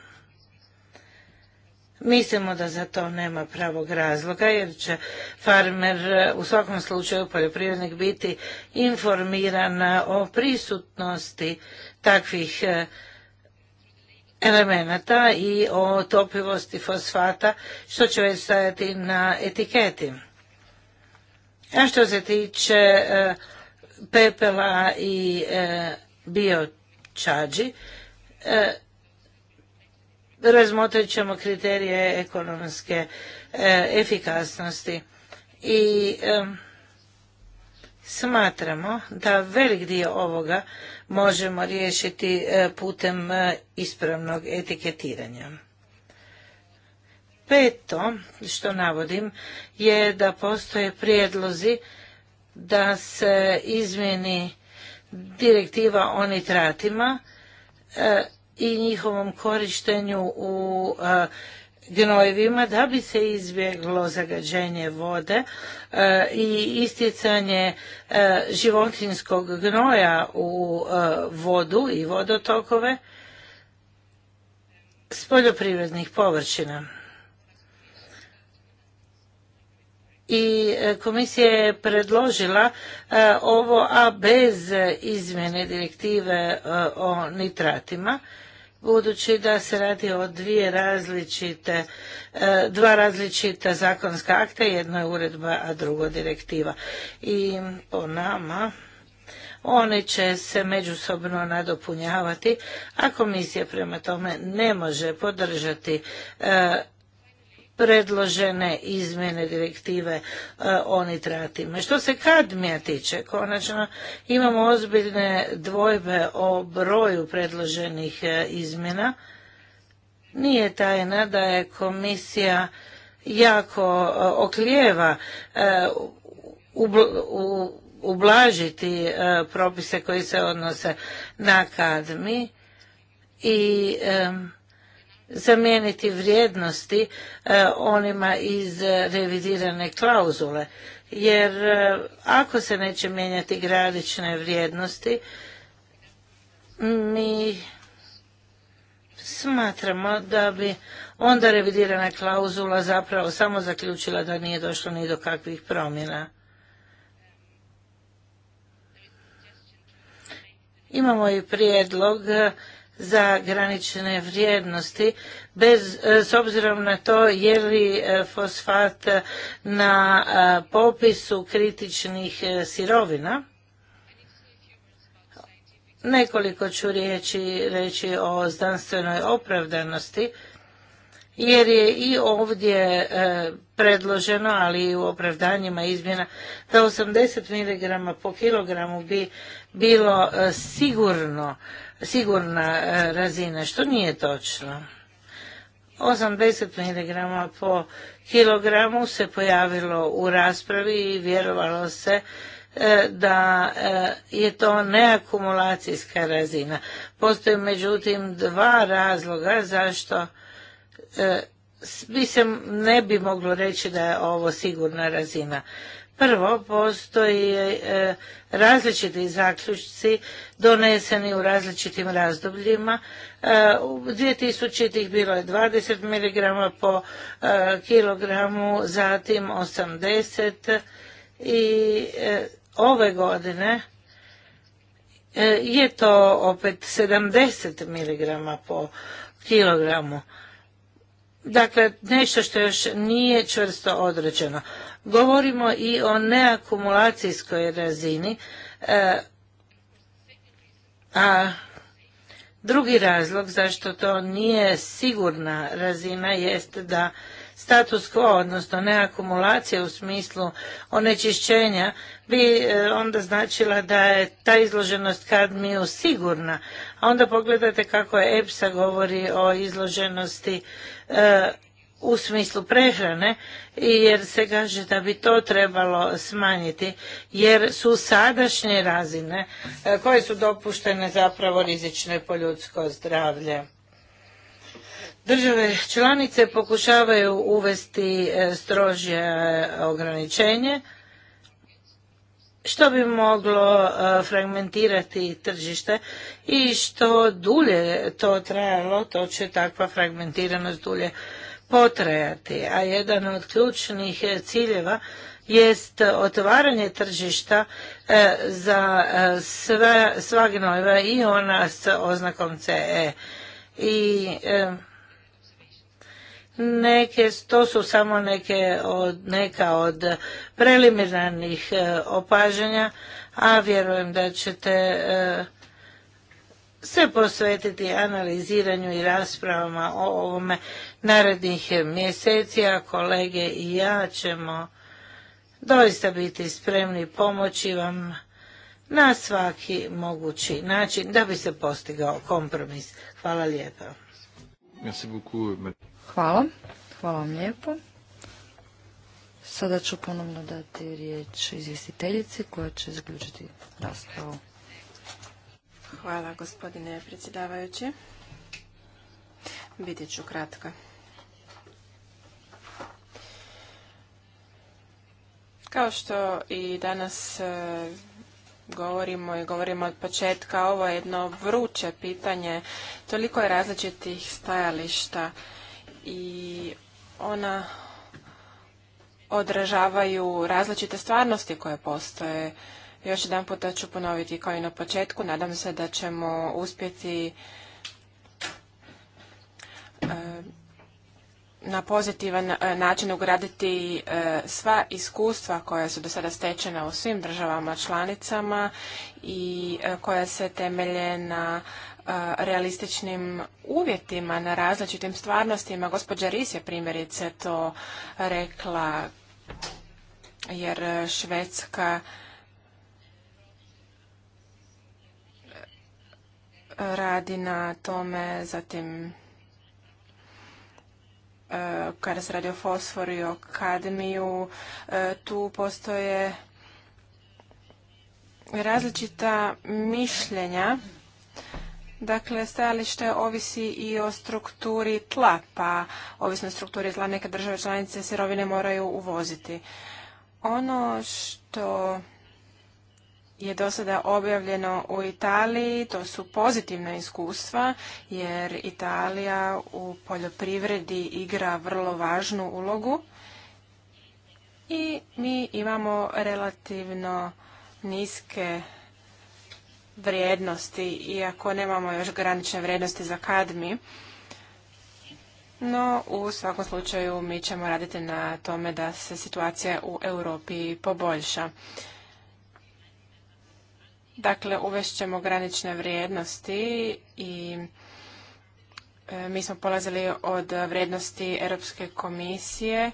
Mislimo da za to nema pravog razloga jer će farmer e, u svakom slučaju poljoprivrednik biti informiran o prisutnosti takvih e, elemenata i o topivosti fosfata što će već stajati na etiketi. A što se tiče e, pepela i biočađi, razmotrit ćemo kriterije ekonomske e, efikasnosti i smatramo da velik dio ovoga možemo riješiti e, putem e, ispravnog etiketiranja. Peto što navodim je da postoje prijedlozi da se izmjeni direktiva o nitratima i njihovom korištenju u e, gnojevima da bi se izbjeglo zagađenje vode e, i isticanje e, životinjskog životinskog gnoja u vodu i vodotokove s poljoprivrednih površina. i e, komisija je predložila e, ovo, a bez izmjene direktive e, o nitratima, budući da se radi o dvije različite, dva različita zakonska akta, jedno je uredba, a drugo direktiva. I po nama one će se međusobno nadopunjavati, a komisija prema tome ne može podržati predložene izmjene direktive e, o nitratima. Što se kadmija tiče, konačno imamo ozbiljne dvojbe o broju predloženih e, izmjena. Nije tajna da je komisija jako e, oklijeva ublažiti propise koji se odnose na kadmi i zamijeniti vrijednosti e, onima iz revidirane klauzule. Jer e, ako se neće mijenjati granične vrijednosti, mi smatramo da bi onda revidirana klauzula zapravo samo zaključila da nije došlo ni do kakvih promjena. Imamo i prijedlog za granične vrijednosti bez e, s obzirom na to je li e, fosfat na e, popisu kritičnih sirovina nekoliko ću riječi reći o znanstvenoj opravdanosti jer je i ovdje predloženo, ali i u opravdanjima izmjena, da 80 mg po kilogramu bi bilo sigurno sigurna e, razina, što nije točno. 80 mg po kilogramu se pojavilo u raspravi i vjerovalo se e, da e, je to neakumulacijska razina. Postoje međutim dva razloga zašto bi se ne bi moglo reći da je ovo sigurna razina. Prvo, postoje različiti zaključci doneseni u različitim razdobljima. E, u 2000-ih bilo je 20 mg po e, kilogramu, zatim 80 i e, ove godine je to opet 70 mg po kilogramu. Dakle, nešto što još nije čvrsto određeno. Govorimo i o neakumulacijskoj razini, e, a drugi razlog zašto to nije sigurna razina jest da status quo, odnosno neakumulacija u smislu onečišćenja, bi e, onda značila da je ta izloženost kadmiju sigurna. A onda pogledajte kako je EPSA govori o izloženosti e, u smislu prehrane jer se kaže da bi to trebalo smanjiti jer su sadašnje razine e, koje su dopuštene zapravo rizične po ljudsko zdravlje. Države članice pokušavaju uvesti e, strožje e, ograničenje što bi moglo fragmentirati tržište i što dulje to trajalo, to će takva fragmentiranost dulje potrajati, a jedan od ključnih e, ciljeva jest otvaranje tržišta e, za e, sva gnojiva i ona s oznakom CE. I neke, to su samo neke neka od preliminarnih opažanja, a vjerujem da ćete se posvetiti analiziranju i raspravama o ovome narednih mjeseci, a kolege i ja ćemo doista biti spremni pomoći vam na svaki mogući način da bi se postigao kompromis. Hvala lijepa. Hvala. Hvala vam lijepo. Sada ću ponovno dati riječ izvjestiteljici koja će zaključiti raspravu. Hvala gospodine predsjedavajući. Biti ću kratka. Kao što i danas e, govorimo i govorimo od početka, ovo je jedno vruće pitanje, toliko je različitih stajališta i ona odražavaju različite stvarnosti koje postoje. Još jedan puta ću ponoviti kao i na početku, nadam se da ćemo uspjeti e, na pozitivan e, način ugraditi e, sva iskustva koja su do sada stečena u svim državama članicama i e, koja se temelje na realističnim uvjetima, na različitim stvarnostima. Gospođa Ris je primjerice to rekla, jer Švedska radi na tome, zatim E, kada se radi o fosforu i o kadmiju, e, tu postoje različita mišljenja. Dakle, stajalište ovisi i o strukturi tla, pa ovisno o strukturi tla neke države članice sirovine moraju uvoziti. Ono što je do sada objavljeno u Italiji, to su pozitivna iskustva jer Italija u poljoprivredi igra vrlo važnu ulogu i mi imamo relativno niske vrijednosti, iako nemamo još granične vrijednosti za kadmi. No, u svakom slučaju mi ćemo raditi na tome da se situacija u Europi poboljša. Dakle, ćemo granične vrijednosti i e, mi smo polazili od vrijednosti Europske komisije.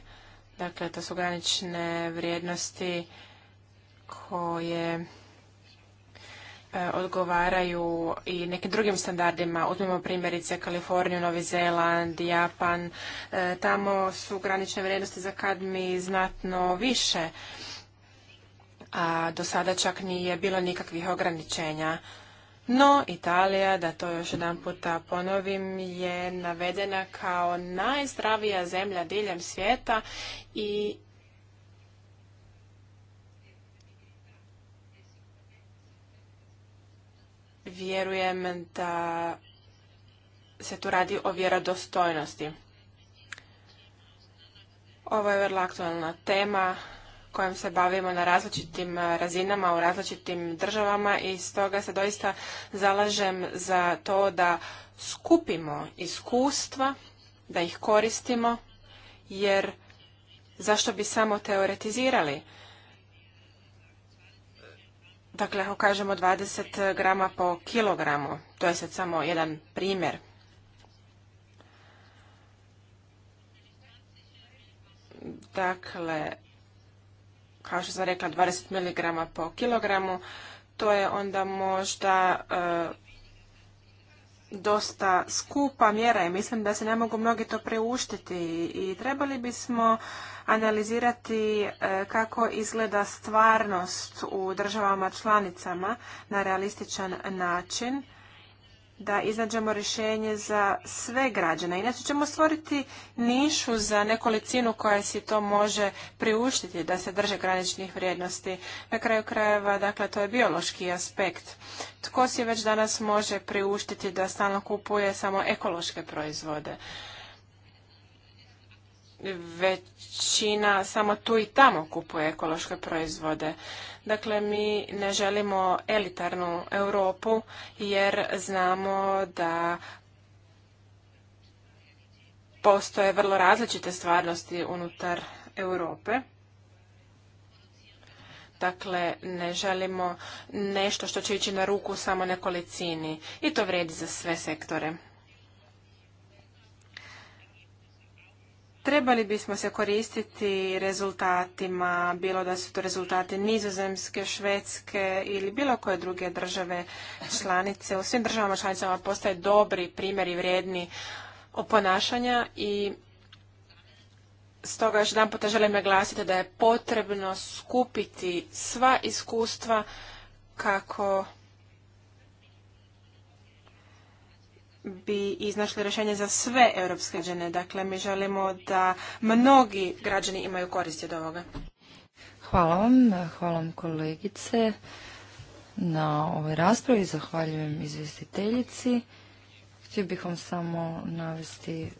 Dakle, to su granične vrijednosti koje e, odgovaraju i nekim drugim standardima. uzmimo primjerice Kaliforniju, Novi Zeland, Japan. E, tamo su granične vrijednosti za kadmi znatno više a do sada čak nije bilo nikakvih ograničenja. No, Italija, da to još jedan puta ponovim, je navedena kao najzdravija zemlja diljem svijeta i vjerujem da se tu radi o vjerodostojnosti. Ovo je vrlo aktualna tema kojom se bavimo na različitim e, razinama u različitim državama i stoga se doista zalažem za to da skupimo iskustva, da ih koristimo, jer zašto bi samo teoretizirali? Dakle, ako kažemo 20 grama po kilogramu, to je sad samo jedan primjer. Dakle, kao što sam rekla, 20 mg po kilogramu. To je onda možda e, dosta skupa mjera i mislim da se ne mogu mnogi to preuštiti i trebali bismo analizirati e, kako izgleda stvarnost u državama članicama na realističan način da iznađemo rješenje za sve građane. Inače ćemo stvoriti nišu za nekolicinu koja si to može priuštiti da se drže graničnih vrijednosti. Na kraju krajeva, dakle, to je biološki aspekt. Tko si već danas može priuštiti da stalno kupuje samo ekološke proizvode? Većina samo tu i tamo kupuje ekološke proizvode. Dakle, mi ne želimo elitarnu Europu jer znamo da postoje vrlo različite stvarnosti unutar Europe. Dakle, ne želimo nešto što će ići na ruku samo nekolicini i to vredi za sve sektore. Trebali bismo se koristiti rezultatima, bilo da su to rezultati nizozemske, švedske ili bilo koje druge države članice. U svim državama članicama postoje dobri primjeri vrijedni oponašanja i stoga još jedan puta želim naglasiti da je potrebno skupiti sva iskustva kako bi iznašli rješenje za sve europske građane. Dakle, mi želimo da mnogi građani imaju koristi od ovoga. Hvala vam, hvala vam kolegice na ovoj raspravi. Zahvaljujem izvjestiteljici. Htio bih vam samo navesti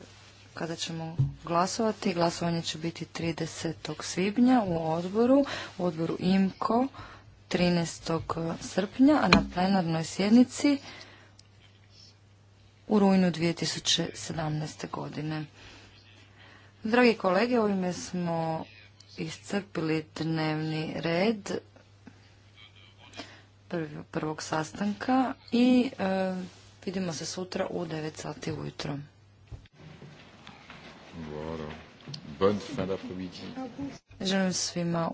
kada ćemo glasovati. Glasovanje će biti 30. svibnja u odboru, u odboru IMKO 13. srpnja, a na plenarnoj sjednici u rujnu 2017. godine. Dragi kolege, ovime smo iscrpili dnevni red prvog sastanka i e, vidimo se sutra u 9 sati ujutro. Želim svima